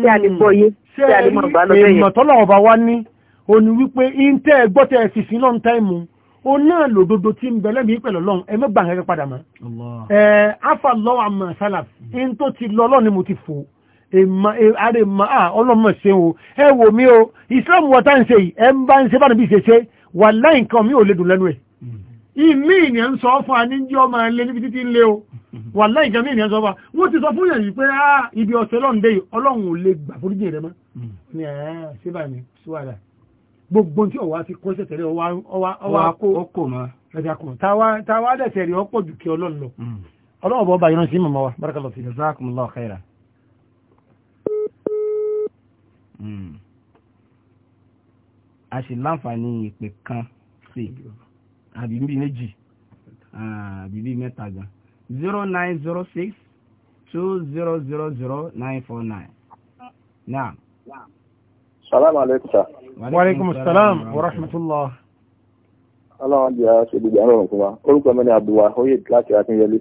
tí a lè gbọ́ yé tí a lè mọ̀ hmm. gbà lọ́gbà ó ní wípé ìntẹ́ ẹgbọ́tẹ̀ fìsín lọ́n táìmù ó náà lòdodo tí ń bẹ lẹ́mí pẹ̀lú ọlọ́run ẹ mẹ́gbà rẹ̀ padà mọ́ ẹ afa lọ́wọ́ àmọ́ sálà ń tó ti lọ ọlọ́run ni mo ti fò ààrẹ mọ́ à ọlọ́mọ ṣe o ẹ wò mí o Islam wọta ń ṣe yìí ẹ ń bá ń ṣe bá níbi ìṣe ṣe wà láì nǹkan mi ò lè dùn lẹ́nu ẹ̀ ìmí ìní ń sọ fún aníjẹ́ ọmọ ilé níbi títí ń lé o wà láì nǹkan mi ìní ń sọ fún wọn ti sọ fún yẹn yìí pé ah, ibi ọ̀sẹ̀ ọlọ́run dé ọlọ́run ò lè gbà foríjì rẹ mọ́ hmm. ní ẹ̀ eh, ṣé báyìí ṣúwàdà gbogbo tí ọwá ti kọ́ sẹ̀tẹ̀lẹ̀ ọwá kó ẹ̀dàkùn tàwá dẹ̀sẹ̀ rí ọpọ̀ jù kí ọlọ́run lọ hmm. ọlọ́run bọ́ bá yọ́n sí mọ̀mọ́ wa barakallahu fi jazakumullahu khairan hmm. a sì láǹfààní ìpè kan sí àbíbí méjì ah, àbíbí mẹ́ta gan zero nine zero six two zero zero zero nine four nine naam. salaam aleykum sir wàlẹ́kùn sàlám wàràhmàtúlá. aláwọn àjẹ́ àṣegbègbè àrùn ọ̀rùn fún wa orúkọ mi ni abdulwa oyè láti akínyẹlé.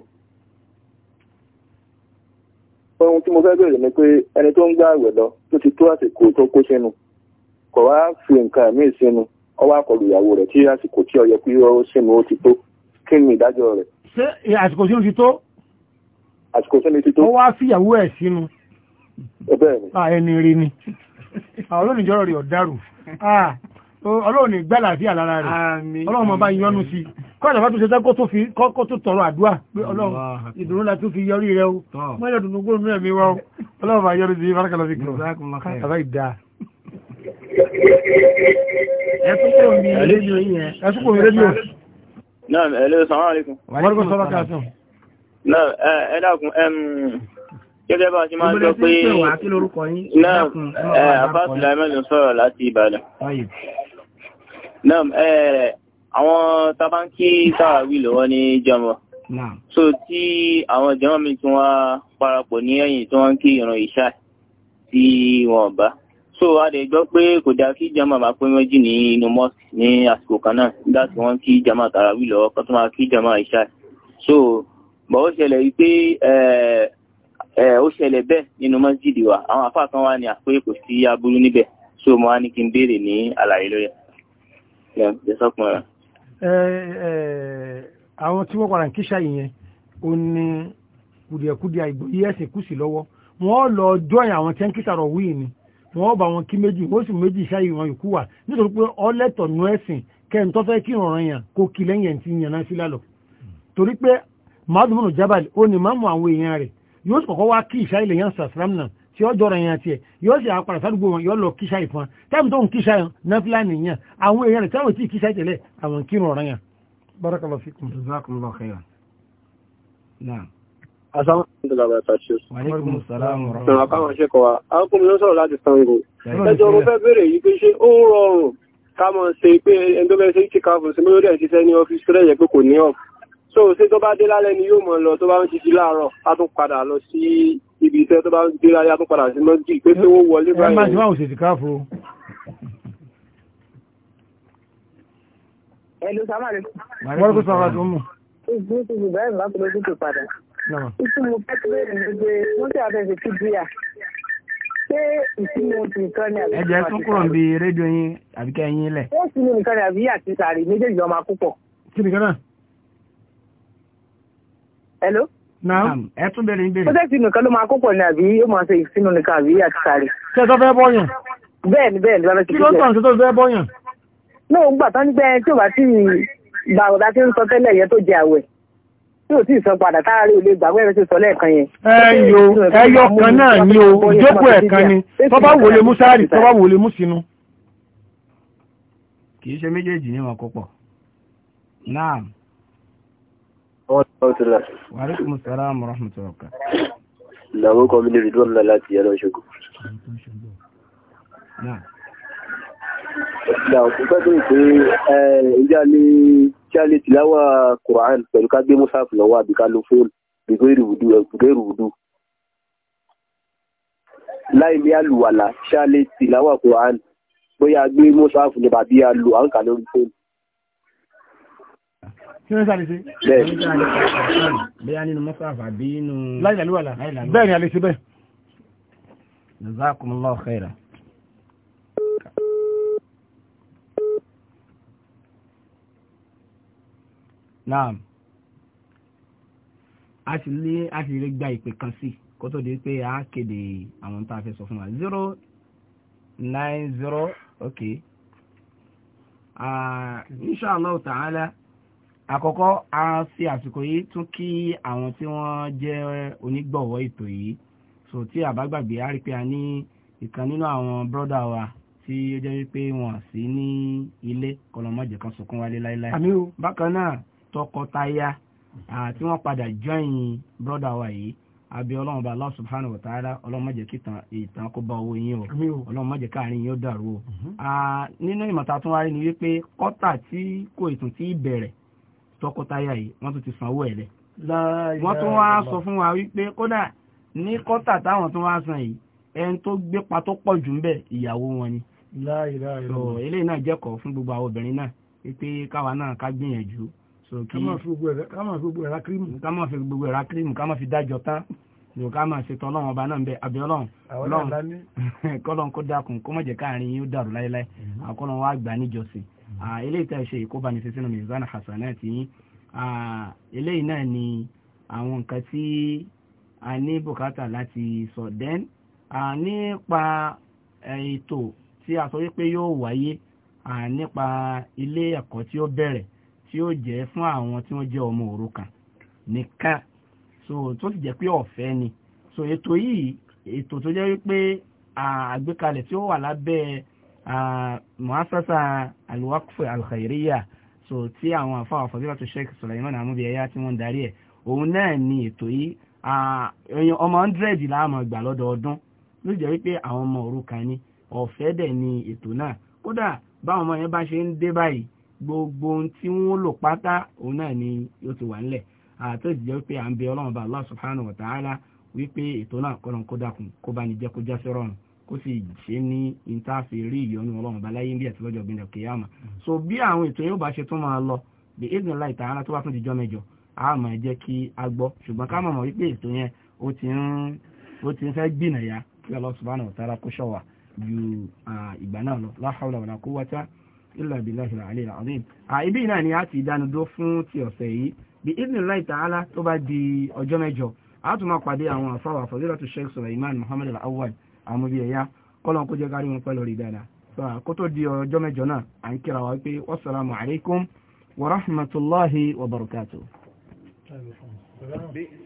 ohun tí mo fẹ́ bèèrè ni pé ẹni tó ń gbá àwẹ̀ lọ tó ti tó àsìkò tó kó sínú kò wá fi nǹkan míì sínú ó wá kọlù ìyàwó rẹ̀ tí àsìkò tí ó yẹ kí sínú ó ti tó kí ni ìdájọ́ rẹ̀. àsìkò sínú ti tó. àsìkò sínú ti tó. ó wá fìyàwó ẹ̀ sínú. bẹ́ẹ̀ ni. ẹni Ah, ọlọ́run ní gbẹ́là sí àlára rẹ̀ ọlọ́run máa bá yọ́nú sí kọ́ọ̀dà bá tún ṣe tán kó tó tọrọ àdúrà pé ọlọ́run ìdùnnú la tún fi yọrí rẹ o mọ́lẹ̀ dùnnú gbóòrùn náà mi wá ọlọ́run máa yọrí sí fárákàlọ́ Gẹ́gẹ́ bá ti máa sọ pé náà àfáàsìlá mẹ́lùn sọ̀rọ̀ láti Ìbàdàn. Náà àwọn tàbá ń kí tààwí lọ́wọ́ ní jọmọ. So tí àwọn jọmọ mi tí wọ́n parapọ̀ ní ẹ̀yìn tí wọ́n ń kí ìran ìṣá tí wọ́n bá. So a lè gbọ́ pé kò dá kí jọmọ máa pé méjì ní inú mọ́ọ̀sì ní àsìkò kan náà nígbà tí wọ́n kí jọmọ tààwí lọ́wọ́ kó tó máa kí jọmọ ìṣá. So bọ̀wọ́ ṣẹlẹ̀ wípé ó ṣẹlẹ̀ bẹ́ẹ̀ nínú mọ́sídìí wa àwọn àfáà kan wá ní àpé kò sí aburú níbẹ̀ so mo wá ní kí n béèrè ní àlàyé lórí ẹ̀ sọ́kùnrin. àwọn tí wọ́n padà ń kíṣà yìnyẹn ó ní kùdìẹ̀kùdìẹ̀ àìgbòye ẹ̀sìn kù sí lọ́wọ́ wọ́n lọ jọ́yìn àwọn tí wọ́n kíṣà rọ̀ wíì ni wọ́n bá wọn kí méjì wọ́n sì méjì ṣáyé wọn yòókù wà nítorí pé ọlẹ́tọ̀ nú ẹ̀sìn kẹ́hìn tó fẹ́ kí ìrọ̀rùn yàn kó kí lẹ́yìn ẹ̀ ti yàn náà sí lálọ́ torí pé màdùmùnú jábàlì ó ní máàmù àwọn èèyàn rẹ̀ yóò sì kọ́kọ́ wá kí ìṣá ilẹ̀ yẹn sàṣàrám náà tí ó jọra yẹn tiẹ̀ yóò sì apàdà sádùgbò wọn yóò lọ kíṣá ìfọn táìmù tó ń kíṣá yẹn náfìlà nìyẹn àwọn èèyàn rẹ̀ táwọn tí ì kíṣá tẹ̀lẹ̀ àwọn kírun ọ̀rọ̀ yẹn. barakallahu fikum. jazakumullahu khairan. naam. asalaamu aleykum salaam wa rahmatulah. àkàwọn ṣe kọ wa akúnmi ló sọ̀rọ̀ láti sango. ẹjọ́ mo fẹ́ bèrè yìí pé ṣé ó rọrùn ká mọ̀ ṣe pé ẹni tó fẹ́ ṣe kíkà fún sí mi lórí ẹ̀ ṣiṣẹ́ ní ọ́fíìsì rẹ̀ yẹ pé kò ní ọ̀f so ṣé tó bá dé lálẹ́ ni yóò mọ̀ lọ tó bá ń ṣiṣi láàárọ̀ a tún padà lọ sí ibi iṣẹ́ tó bá ń dé lálẹ́ a tún padà sí mọ́jì pé tí ó wọlé báyìí. ẹ má ti máa òṣèṣì káàfó. ẹ̀lú sámàlẹ́. wọ́n kó sọ́ra tó mú. ìgbín tún kúrò níbi rédíò yín àbíkẹ́ yín lẹ̀. ó sì ní nìkan ni àbí àti sàárì méjèèjì ọmọ akúpọ̀. kí nìkan náà hello. naam ẹ tún bẹ̀rẹ̀ ń bẹ̀rẹ̀. project nìkan ló máa kó pọ̀ ní àbí yóò máa ṣe ìsinú nìkan àbí àti sáré. ṣé ẹ tó fẹ́ bọ́yàn. bẹ́ẹ̀ni bẹ́ẹ̀ni bá fẹ́ kí ló tàn sí tó fẹ́ bọ́yàn. náà ó gbà tán nígbà yẹn tí ò bá tí ì gbà ọ̀dà tí ń sọ tẹ́lẹ̀ yẹn tó jẹ àwẹ̀ tí ò tí ì sọ padà tára rí olè gbàgbé rẹ ti sọ lẹ́ẹ̀kan yẹn. ẹyọ ẹyọ kan náà ni o ìjókòó ẹ̀kan ni tó bá wò lè mú sáárì tó bá wò lè mú sínú. kì í ṣe méjèèjì ní wọn kó pọ̀ Wàríkùn sàrámù rahmatullahi ọ̀ká. Ìlàwó kọmílì rí dúnlá láti yẹ́lọ ṣogun. Ìlàwó pẹ́tọ́ ìpé ìjá ní Ṣálé Tìláwà Kùrán pẹ̀lú ká gbé Mọ́sáàfù lọ́wọ́ àbí ká ló fóònù bìgbérù wùdú. Láì ní àlùwàlà Ṣálé Tìláwà Kùrán bóyá gbé Mọ́sáàfù ní bàbí àlù àǹkà lórí kí wọ́n sáré sí. bẹ́ẹ̀ nínú mọ́sáfà bí inú. láìlàlúwàlà bẹ́ẹ̀ ni a lè ṣe bẹ́ẹ̀. jazakumullahu khaira. naam a sì lè a sì lè gba ìpè kan sí kó tó di pé a kéde àwọn tá fẹ́ sọ fún wa zero nine zero okay uh, ah, inshallah ta'ala àkọ́kọ́ a fi àsìkò yìí tún kí àwọn tí wọ́n jẹ́ onígbọ̀wọ́ ètò yìí so tí a bá gbàgbé a rí pé a ní ìkan nínú àwọn brọ́dà wa tí ó jẹ́ wípé wọ́n sí ní ilé kọlọ́mọ́jẹ̀ kan sunkún wálé láéláé. àmì o. bákan náà tọkọtaya tí wọ́n padà join brọ́dà wa yìí àbí ọlọ́run bá Allah subhanahu wa ta'ala ọlọ́run má jẹ́ kí ìtàn kó bá owó yín o ọlọ́run má káàrin yín ó dàrú o. Mhm. nínú ìmọ̀ta tún wá ni wípé kọ́tà tí kò ìtùn tí ì bẹ̀rẹ̀ tọkọtaya yìí wọ́n tún ti sanwó ẹ̀ wọ́n tún wá sọ fún wa wípé kódà ní kọ́tà táwọn tún wá san yìí ẹni tó gbé pa tó pọ̀ jù ń bẹ̀ ìyàwó wọn ni so eléyìí náà jẹ́kọ̀ọ́ fún gbogbo àwọn obìnrin náà wípé káwa náà ká gbìyànjú ká má fi gbogbo ẹ̀rá kírìmù ká má fi gbogbo ẹ̀rá kírìmù ká má fi dájọ́ tán yóò ká máa ṣètò ọlọ́run ọba náà ń bẹ abẹ́ ọlọ́run ọlọ́run kọ́lọ́n kó dákun kó má jẹ́ káàrin yín ó dàrú láéláé àkọ́lọ́run wá gbà níjọsìn eléyìí tá a ṣe ìkóbanisẹ sínú mizan hasanat yín eléyìí náà ni àwọn nǹkan tí a ní bùkátà láti sọ then nípa ètò tí a sọ wípé yóò wáyé nípa ilé ẹ̀kọ́ tí ó bẹ̀rẹ̀ tí ó jẹ́ fún àwọn tí wọ́n jẹ́ ọmọ òrukàn nìkan so tó sì jẹ́ pé ọ̀fẹ́ ni so ètò yìí ètò tó jẹ́ wípé àgbékalẹ̀ tí ó wà lábẹ́ ẹ̀ muasasa alwakfu alkhairiya so tí àwọn àfáà fadilatu sheikh suleiman amúbíyẹyà tí wọ́n ń darí ẹ̀ òun náà ni ètò yìí ọmọ hundred la máa gbà lọ́dọọdún ló jẹ́ wípé àwọn ọmọ òrukàn ni ọ̀fẹ́ dẹ̀ ni ètò náà kódà báwọn ọmọ yẹn bá ṣe ń dé báyìí gbogbo ohun tí wọ́n lò pátá òun náà ni ó ti wà nílẹ̀ àtọ́ ìjẹ́ wípé à ń bẹ ọlọ́run bá Allah subhanahu wa ta'ala wípé ètò náà kọ́nà kó dákun kó bá ní jẹ́ kó jásẹ́ rọrùn kó sì ṣe ní ìtàfi rí ìyọnu ọlọ́run bá láyé ń bí ẹ̀sìn lọ́jọ́ gbìyànjú kìyàmà hmm. so bí àwọn ètò yóò bá ṣe tún máa lọ bí ìdùn láì tààrà tó bá tún ti jọ mẹ́jọ a máa jẹ́ kí a gbọ́ ṣùgbọ́n ká mọ̀ mọ̀ wípé ètò yẹn ó ti ń ó ti ń fẹ́ gbìnà ya kí Allah subhanahu wa ta'ala kó ṣọ̀wà ju ìgbà náà lọ la hawla wala quwwata illa billahi al-aliyyil azim ibi a ti dánu dó fún ti ọ̀sẹ̀ yìí bí ìdùn láì tààrà tó bá di ọjọ́ mẹ́jọ a tún máa pàdé àwọn àfáwà fadilatu Sheikh Sulaiman àmúbi ẹ̀yá kọ́lọ́n kó jẹ́ kárí wọn pẹ́ lórí dáadáa so àkótó di ọjọ́ mẹ́jọ náà à ń kíra wa pé wasalaamu alaykum wa rahmatulahi wa barakatuh.